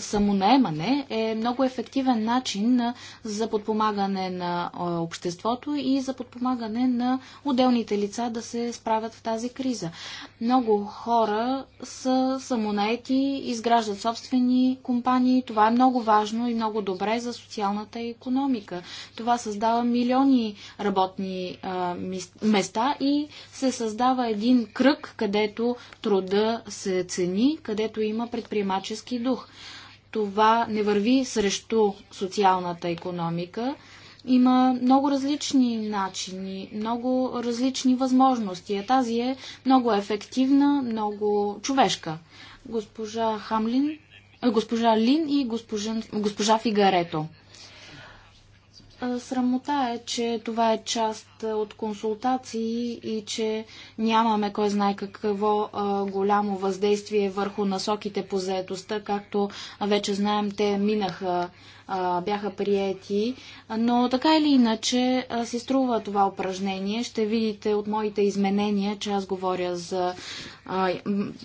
самонетите наемане е много ефективен начин за подпомагане на обществото и за подпомагане на отделните лица да се справят в тази криза. Много хора са самонаети, изграждат собствени компании. Това е много важно и много добре за социалната економика. Това създава милиони работни места и се създава един кръг, където труда се цени, където има предприемачески дух това не върви срещу социалната економика. Има много различни начини, много различни възможности. А тази е много ефективна, много човешка. Госпожа Хамлин, госпожа Лин и госпожа, госпожа Фигарето. Срамота е, че това е част от консултации и че нямаме кой знае какво голямо въздействие върху насоките по заедостта, както вече знаем, те минаха а, бяха приети, но така или иначе а, си струва това упражнение. Ще видите от моите изменения, че аз говоря за а,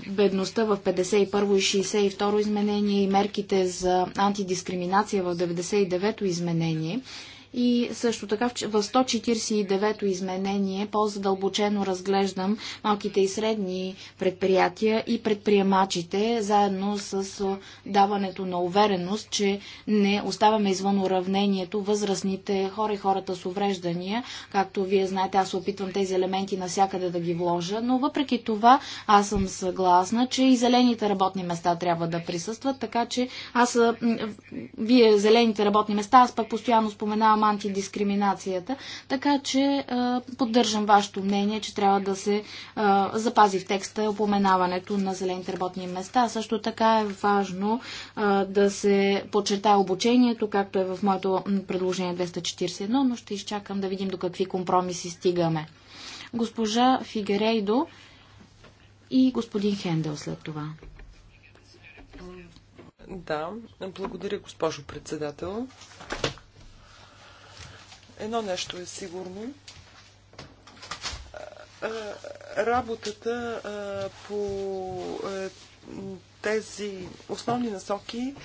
бедността в 51-во и 62-ро изменение и мерките за антидискриминация в 99-то изменение и също така в 149-то изменение по-задълбочено разглеждам малките и средни предприятия и предприемачите, заедно с даването на увереност, че не оставяме извън уравнението възрастните хора и хората с увреждания. Както вие знаете, аз опитвам тези елементи навсякъде да ги вложа, но въпреки това аз съм съгласна, че и зелените работни места трябва да присъстват, така че аз, вие зелените работни места, аз пък постоянно споменавам към антидискриминацията, така че поддържам вашето мнение, че трябва да се запази в текста упоменаването на зелените работни места. Също така е важно да се подчертае обучението, както е в моето предложение 241, но ще изчакам да видим до какви компромиси стигаме. Госпожа Фигерейдо и господин Хендел след това. Да, благодаря, госпожо председател. Едно нещо е сигурно. Работата по тези основни насоки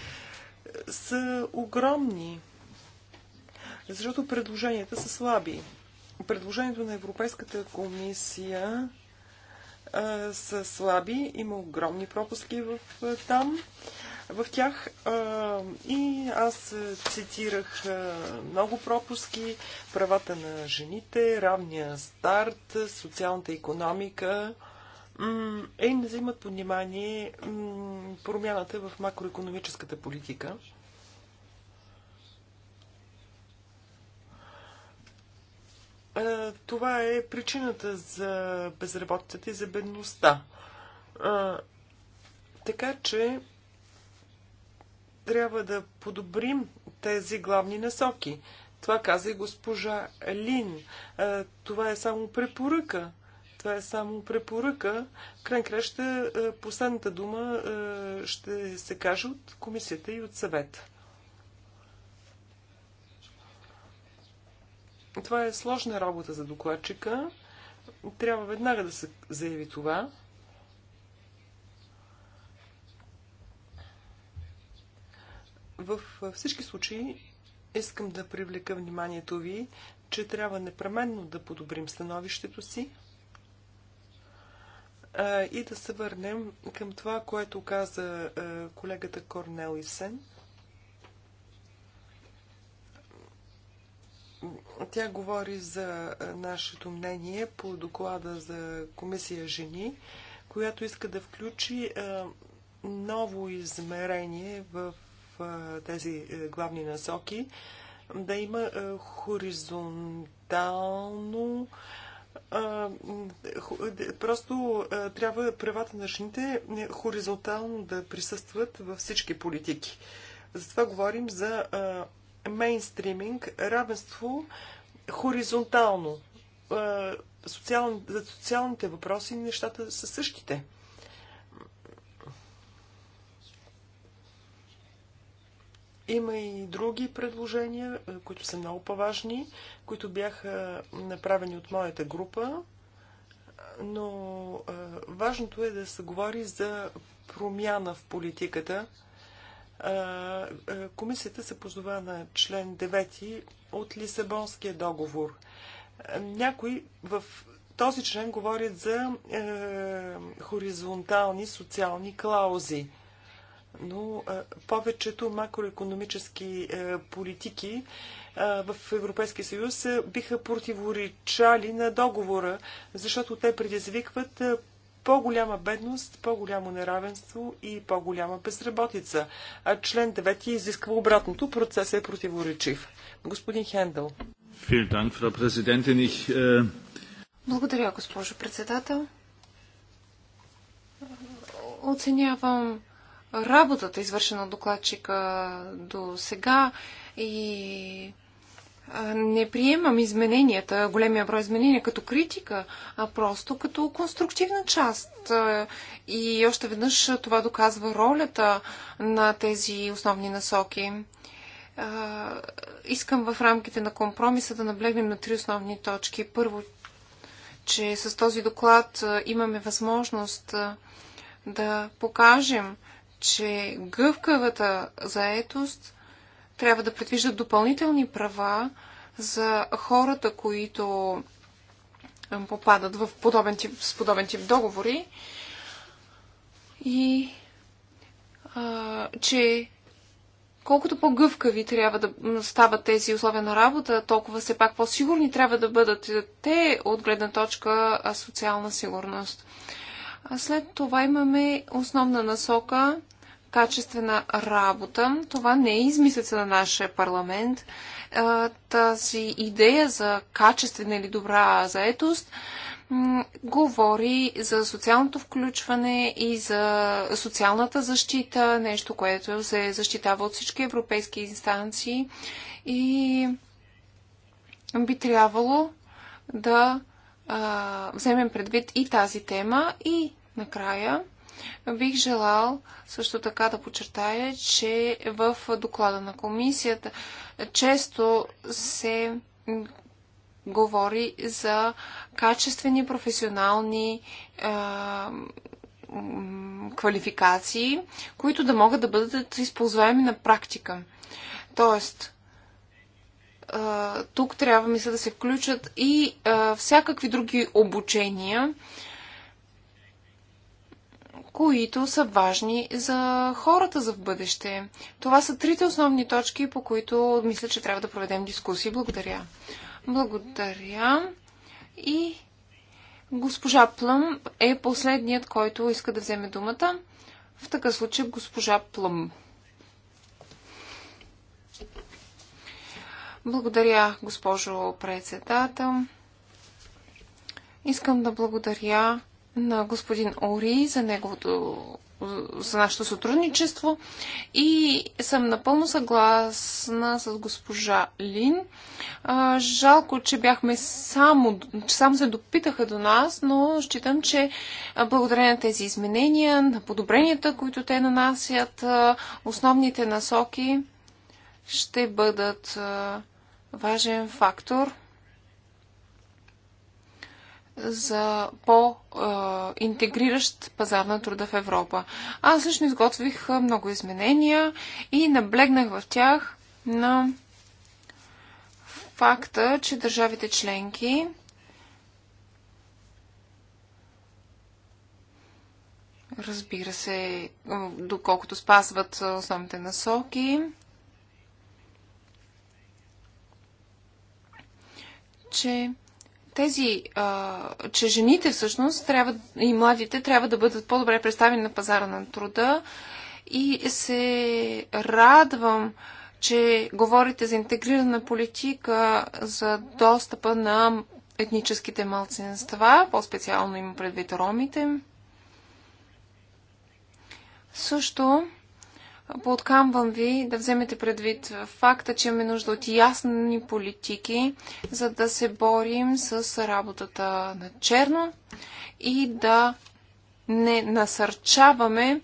са огромни, защото предложенията са слаби. Предложението на Европейската комисия са слаби, има огромни пропуски в там в тях. И аз цитирах много пропуски, правата на жените, равния старт, социалната економика. и е, не взимат под внимание промяната в макроекономическата политика. Това е причината за безработицата и за бедността. Така че трябва да подобрим тези главни насоки. Това каза и госпожа Лин. Това е само препоръка. Това е само препоръка. Край краща последната дума ще се каже от комисията и от съвета. Това е сложна работа за докладчика. Трябва веднага да се заяви това. В всички случаи искам да привлека вниманието ви, че трябва непременно да подобрим становището си и да се върнем към това, което каза колегата Корнел Исен. Тя говори за нашето мнение по доклада за комисия Жени, която иска да включи ново измерение в тези е, главни насоки, да има е, хоризонтално е, просто трябва правата на жените хоризонтално да присъстват във всички политики. Затова говорим за мейнстриминг, равенство хоризонтално. За социалните въпроси нещата са същите. Има и други предложения, е, които са много по-важни, които бяха направени от моята група, но е, важното е да се говори за промяна в политиката. Е, комисията се позова на член 9 от Лисабонския договор. Някои в този член говорят за хоризонтални социални клаузи – но повечето макроекономически е, политики е, в Европейския съюз е, биха противоречали на договора, защото те предизвикват по-голяма бедност, по-голямо неравенство и по-голяма безработица. А член 9 изисква обратното. Процесът е противоречив. Господин Хендъл. Äh, Благодаря, госпожо председател. Оценявам работата, извършена от докладчика до сега и не приемам измененията, големия брой изменения като критика, а просто като конструктивна част. И още веднъж това доказва ролята на тези основни насоки. Искам в рамките на компромиса да наблегнем на три основни точки. Първо, че с този доклад имаме възможност да покажем че гъвкавата заетост трябва да предвижда допълнителни права за хората, които попадат в подобен тип, с подобен тип договори и а, че колкото по-гъвкави трябва да стават тези условия на работа, толкова все пак по-сигурни трябва да бъдат те от гледна точка социална сигурност. А след това имаме основна насока качествена работа. Това не е измислица на нашия парламент. Тази идея за качествена или добра заетост говори за социалното включване и за социалната защита, нещо, което се защитава от всички европейски инстанции и би трябвало да а, вземем предвид и тази тема. И накрая бих желал също така да подчертая, че в доклада на комисията често се говори за качествени професионални а, квалификации, които да могат да бъдат използваеми на практика. Тоест, тук трябва мисля да се включат и всякакви други обучения, които са важни за хората за в бъдеще. Това са трите основни точки, по които мисля, че трябва да проведем дискусии. Благодаря. Благодаря. И госпожа Плъм е последният, който иска да вземе думата. В такъв случай госпожа Плъм. Благодаря, госпожо председател. Искам да благодаря на господин Ори за неговото за нашето сътрудничество и съм напълно съгласна с госпожа Лин. жалко, че бяхме само, че само се допитаха до нас, но считам, че благодарение на тези изменения, на подобренията, които те нанасят, основните насоки ще бъдат важен фактор за по-интегриращ пазар на труда в Европа. Аз лично изготвих много изменения и наблегнах в тях на факта, че държавите членки разбира се, доколкото спазват основните насоки, че тези, а, че жените всъщност трябва, и младите трябва да бъдат по-добре представени на пазара на труда и се радвам, че говорите за интегрирана политика за достъпа на етническите малцинства, по-специално има предвид ромите. Също Подкамвам ви да вземете предвид факта, че имаме нужда от ясни политики, за да се борим с работата на черно и да не насърчаваме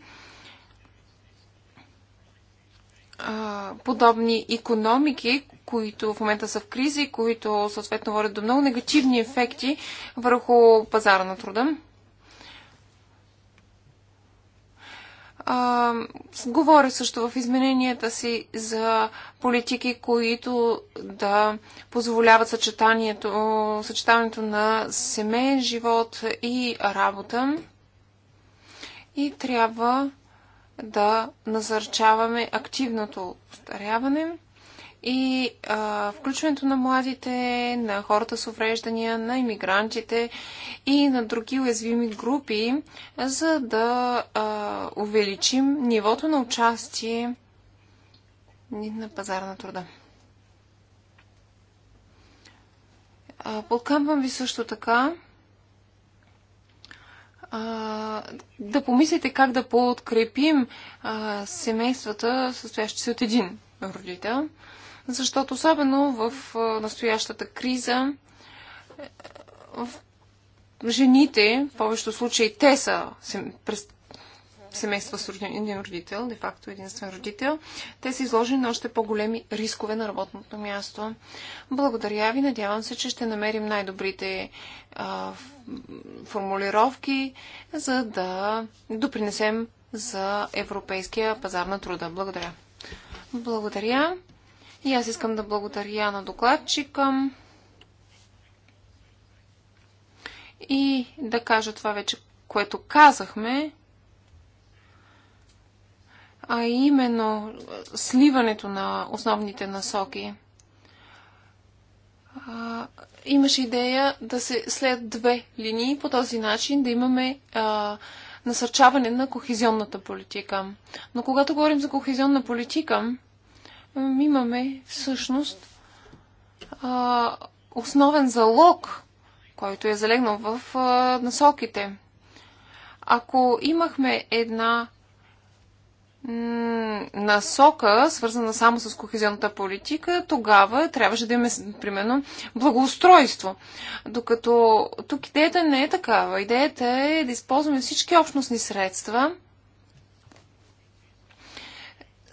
а, подобни економики, които в момента са в кризи, които съответно водят до много негативни ефекти върху пазара на труда. А, говоря също в измененията си за политики, които да позволяват съчетанието, съчетаването на семейен живот и работа. И трябва да назърчаваме активното устаряване и а, включването на младите, на хората с увреждания, на иммигрантите и на други уязвими групи, за да а, увеличим нивото на участие на пазара на труда. Подкамвам ви също така а, да помислите как да подкрепим а, семействата, състоящи се от един родител. А, защото особено в настоящата криза е, в жените, в повечето случаи те са семейства с един родител, де факто единствен родител, те са изложени на още по-големи рискове на работното място. Благодаря ви, надявам се, че ще намерим най-добрите формулировки, за да допринесем за европейския пазар на труда. Благодаря. Благодаря. И аз искам да благодаря на докладчика и да кажа това вече, което казахме, а именно сливането на основните насоки. А, имаше идея да се след две линии по този начин да имаме а, насърчаване на кохезионната политика. Но когато говорим за кохезионна политика, имаме всъщност а, основен залог, който е залегнал в а, насоките. Ако имахме една насока, свързана само с кохезионната политика, тогава трябваше да имаме, примерно, благоустройство. Докато тук идеята не е такава. Идеята е да използваме всички общностни средства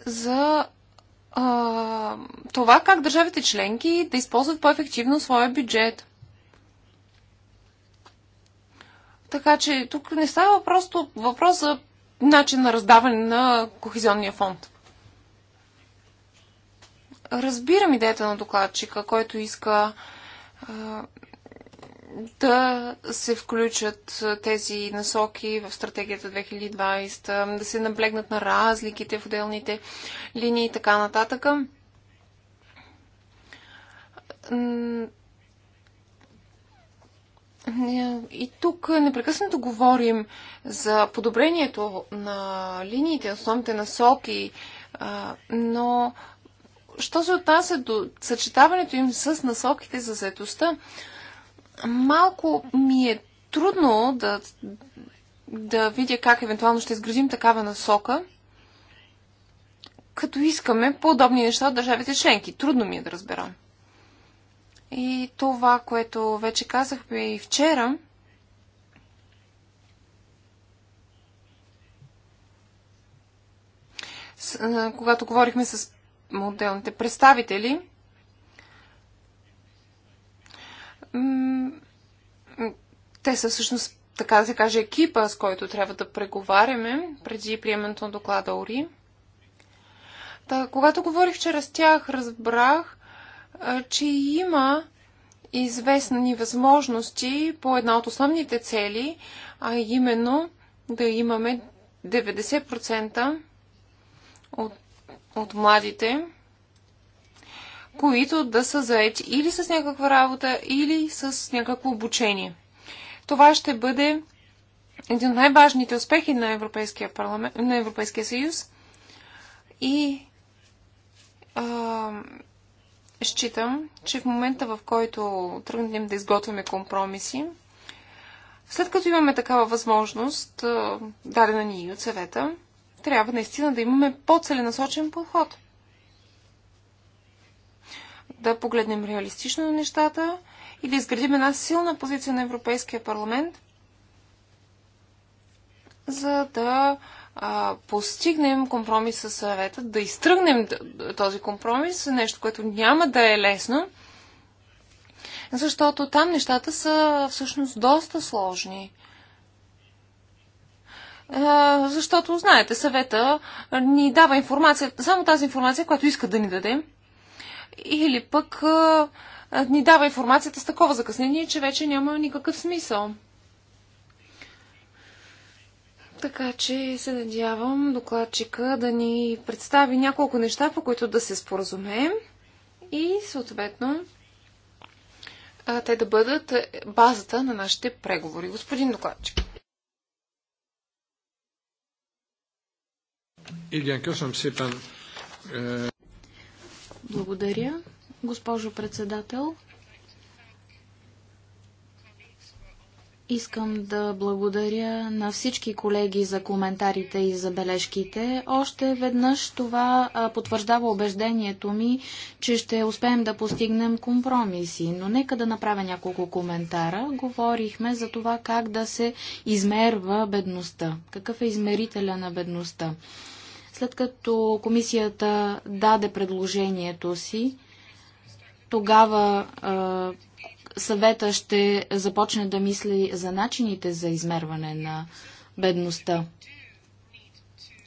за това как държавите членки да използват по-ефективно своя бюджет. Така че тук не става просто въпрос за начин на раздаване на кохезионния фонд. Разбирам идеята на докладчика, който иска да се включат тези насоки в стратегията 2020, да се наблегнат на разликите в отделните линии и така нататък. И тук непрекъснато говорим за подобрението на линиите, основните насоки, но що се отнася до съчетаването им с насоките за заедостта, малко ми е трудно да, да видя как евентуално ще изградим такава насока, като искаме подобни неща от държавите членки. Трудно ми е да разбера. И това, което вече казахме и вчера, когато говорихме с отделните представители, те са всъщност, така да се каже, екипа, с който трябва да преговаряме преди приемането на доклада ОРИ. Та, когато говорих вчера с тях, разбрах, че има известни възможности по една от основните цели, а именно да имаме 90% от, от младите, които да са заети или с някаква работа, или с някакво обучение. Това ще бъде един от най-важните успехи на Европейския, парламент, на Европейския съюз и а, считам, че в момента в който тръгнем да изготвяме компромиси, след като имаме такава възможност, дадена ни и от съвета, трябва наистина да имаме по-целенасочен подход – да погледнем реалистично на нещата и да изградим една силна позиция на Европейския парламент, за да а, постигнем компромис с съвета, да изтръгнем този компромис, нещо, което няма да е лесно, защото там нещата са всъщност доста сложни. защото, знаете, съвета ни дава информация, само тази информация, която иска да ни даде – или пък а, ни дава информацията с такова закъснение, че вече няма никакъв смисъл. Така че се надявам докладчика да ни представи няколко неща, по които да се споразумеем и съответно те да бъдат базата на нашите преговори. Господин докладчик. Igen, Кюсъм сипан. Благодаря. Госпожо председател, Искам да благодаря на всички колеги за коментарите и забележките. Още веднъж това потвърждава убеждението ми, че ще успеем да постигнем компромиси. Но нека да направя няколко коментара. Говорихме за това как да се измерва бедността. Какъв е измерителя на бедността? След като комисията даде предложението си, тогава а, съвета ще започне да мисли за начините за измерване на бедността.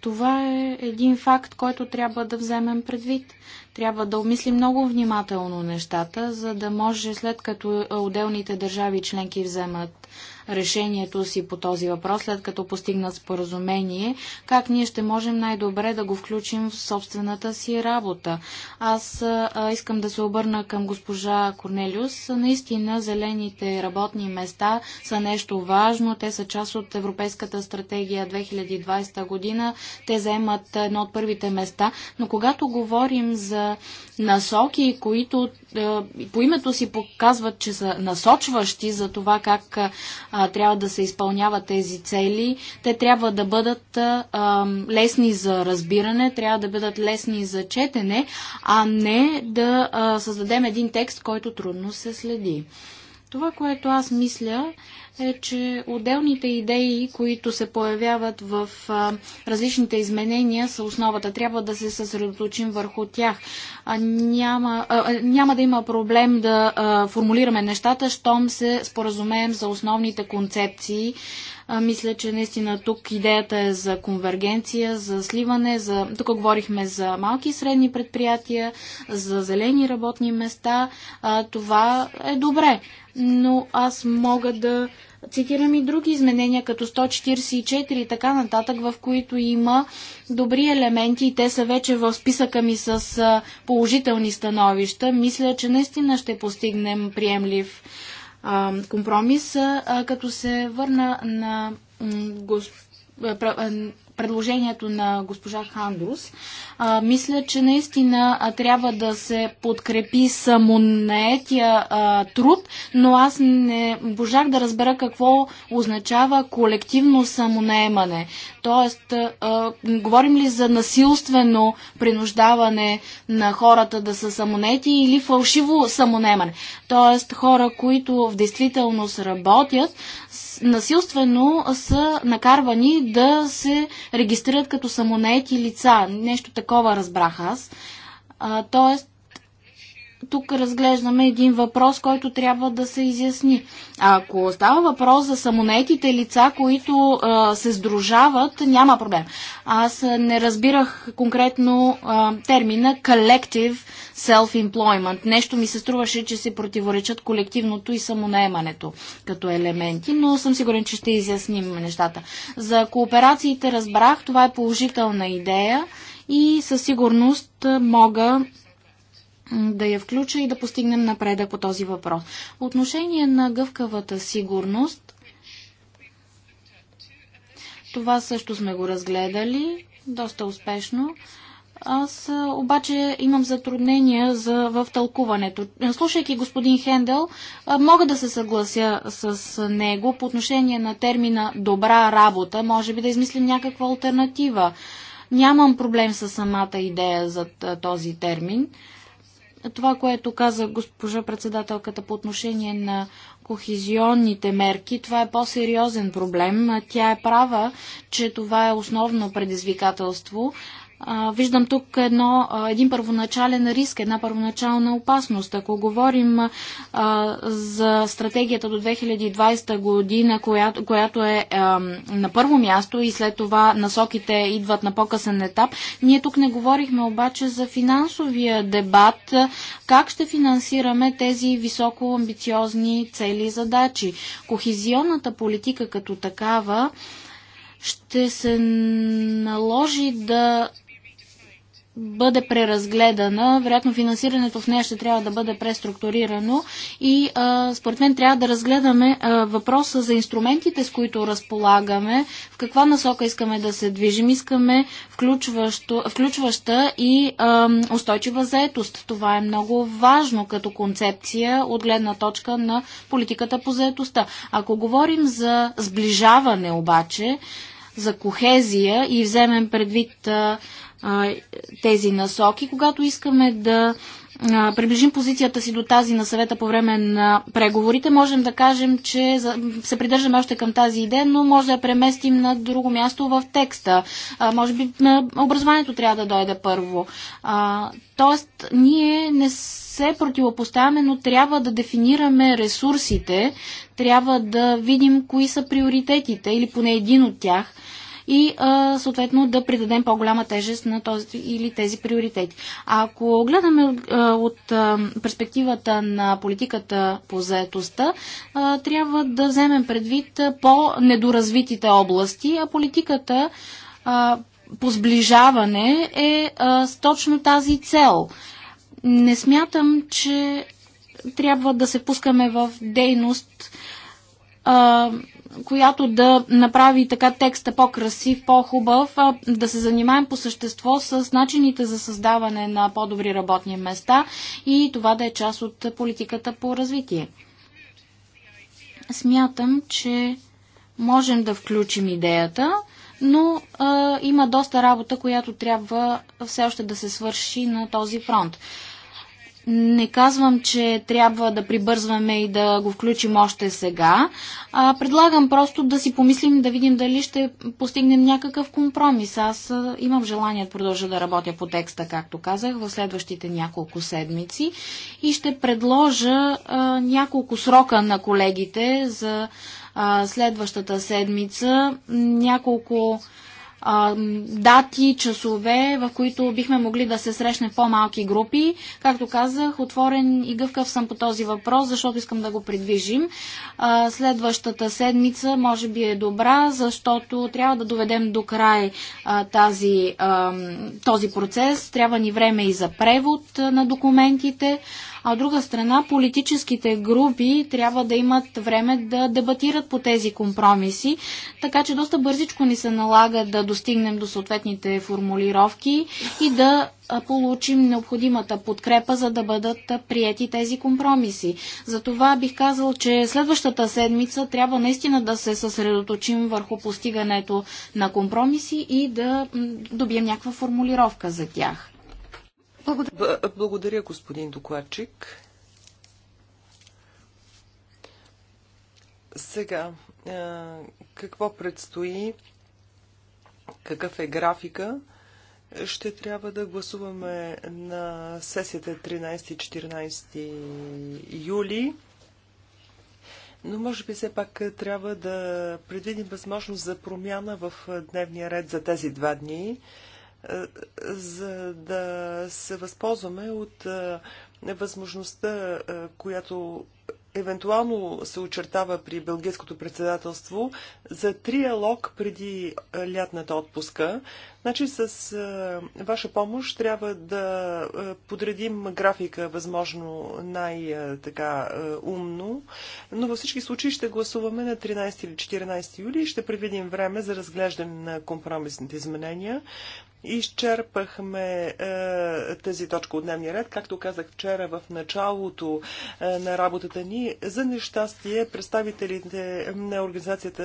Това е един факт, който трябва да вземем предвид. Трябва да обмислим много внимателно нещата, за да може след като отделните държави членки вземат решението си по този въпрос, след като постигнат споразумение, как ние ще можем най-добре да го включим в собствената си работа. Аз а, искам да се обърна към госпожа Корнелиус. Наистина, зелените работни места са нещо важно. Те са част от Европейската стратегия 2020 година. Те заемат едно от първите места. Но когато говорим за насоки, които е, по името си показват, че са насочващи за това как е, трябва да се изпълняват тези цели. Те трябва да бъдат е, лесни за разбиране, трябва да бъдат лесни за четене, а не да създадем един текст, който трудно се следи. Това, което аз мисля, е, че отделните идеи, които се появяват в а, различните изменения, са основата. Трябва да се съсредоточим върху тях. А, няма, а, няма да има проблем да а, формулираме нещата, щом се споразумеем за основните концепции. А, мисля, че наистина тук идеята е за конвергенция, за сливане, за... тук говорихме за малки и средни предприятия, за зелени работни места. А, това е добре но аз мога да цитирам и други изменения, като 144 и така нататък, в които има добри елементи и те са вече в списъка ми с положителни становища. Мисля, че наистина ще постигнем приемлив а, компромис, а, като се върна на предложението на госпожа Хандрус. А, мисля, че наистина а, трябва да се подкрепи самонаетия а, труд, но аз не божах да разбера какво означава колективно самонаемане. Тоест, а, говорим ли за насилствено принуждаване на хората да са самонети или фалшиво самонемане? Тоест, хора, които в действителност работят, насилствено са накарвани да се регистрират като самонаети лица. Нещо такова разбрах аз. Тоест, тук разглеждаме един въпрос, който трябва да се изясни. Ако става въпрос за самонетите лица, които а, се сдружават, няма проблем. Аз не разбирах конкретно а, термина collective self-employment. Нещо ми се струваше, че се противоречат колективното и самонаемането като елементи, но съм сигурен, че ще изясним нещата. За кооперациите разбрах, това е положителна идея и със сигурност мога да я включа и да постигнем напредък по този въпрос. По отношение на гъвкавата сигурност, това също сме го разгледали доста успешно. Аз обаче имам затруднения за, в тълкуването. Слушайки господин Хендел, мога да се съглася с него по отношение на термина добра работа. Може би да измислим някаква альтернатива. Нямам проблем с самата идея за този термин това, което каза госпожа председателката по отношение на кохезионните мерки, това е по-сериозен проблем. Тя е права, че това е основно предизвикателство а, виждам тук едно, а, един първоначален риск, една първоначална опасност. Ако говорим а, за стратегията до 2020 година, която, която е а, на първо място и след това насоките идват на по-късен етап, ние тук не говорихме обаче за финансовия дебат, как ще финансираме тези високо амбициозни цели и задачи. Кохизионната политика като такава ще се наложи да бъде преразгледана. Вероятно финансирането в нея ще трябва да бъде преструктурирано и а, според мен трябва да разгледаме а, въпроса за инструментите, с които разполагаме, в каква насока искаме да се движим. Искаме включваща и а, устойчива заетост. Това е много важно като концепция от гледна точка на политиката по заетостта. Ако говорим за сближаване обаче, за кохезия и вземем предвид а, а, тези насоки, когато искаме да а, приближим позицията си до тази на съвета по време на преговорите, можем да кажем, че за, се придържаме още към тази идея, но може да я преместим на друго място в текста. А, може би образованието трябва да дойде първо. А, тоест, ние не се противопоставяме, но трябва да дефинираме ресурсите, трябва да видим кои са приоритетите или поне един от тях – и а, съответно да придадем по-голяма тежест на този или тези приоритети. А ако гледаме от, от а, перспективата на политиката по заетостта, а, трябва да вземем предвид по-недоразвитите области, а политиката а, по сближаване е а, с точно тази цел. Не смятам, че трябва да се пускаме в дейност а, която да направи така текста по-красив, по-хубав, да се занимаем по същество с начините за създаване на по-добри работни места и това да е част от политиката по развитие. Смятам, че можем да включим идеята, но а, има доста работа, която трябва все още да се свърши на този фронт. Не казвам, че трябва да прибързваме и да го включим още сега. А, предлагам просто да си помислим, да видим дали ще постигнем някакъв компромис. Аз а, имам желание да продължа да работя по текста, както казах, в следващите няколко седмици и ще предложа а, няколко срока на колегите за а, следващата седмица, няколко а, дати, часове, в които бихме могли да се срещнем по-малки групи. Както казах, отворен и гъвкав съм по този въпрос, защото искам да го придвижим. А, следващата седмица може би е добра, защото трябва да доведем до край а, тази, а, този процес. Трябва ни време и за превод на документите а от друга страна политическите групи трябва да имат време да дебатират по тези компромиси, така че доста бързичко ни се налага да достигнем до съответните формулировки и да получим необходимата подкрепа, за да бъдат приети тези компромиси. Затова бих казал, че следващата седмица трябва наистина да се съсредоточим върху постигането на компромиси и да добием някаква формулировка за тях. Благодаря, Благодаря господин докладчик. Сега, какво предстои? Какъв е графика? Ще трябва да гласуваме на сесията 13-14 юли. Но може би все пак трябва да предвидим възможност за промяна в дневния ред за тези два дни за да се възползваме от възможността, която евентуално се очертава при Белгийското председателство за триалог преди лятната отпуска. Значи с ваша помощ трябва да подредим графика възможно най-така умно, но във всички случаи ще гласуваме на 13 или 14 юли и ще предвидим време за разглеждане на компромисните изменения. Изчерпахме е, тази точка от дневния ред. Както казах вчера в началото е, на работата ни, за нещастие представителите на организацията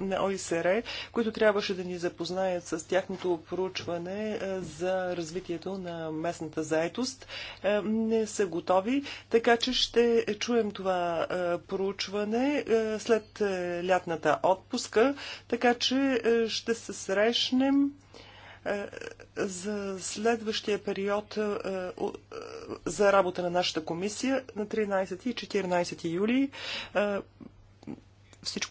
е, на ОИСР, които трябваше да ни запознаят с тяхното проучване е, за развитието на местната заетост, е, не са готови, така че ще чуем това е, проучване е, след е, лятната отпуска, така че е, ще се срещнем. Е, за следващия период е, е, за работа на нашата комисия на 13 и 14 юли. Всичко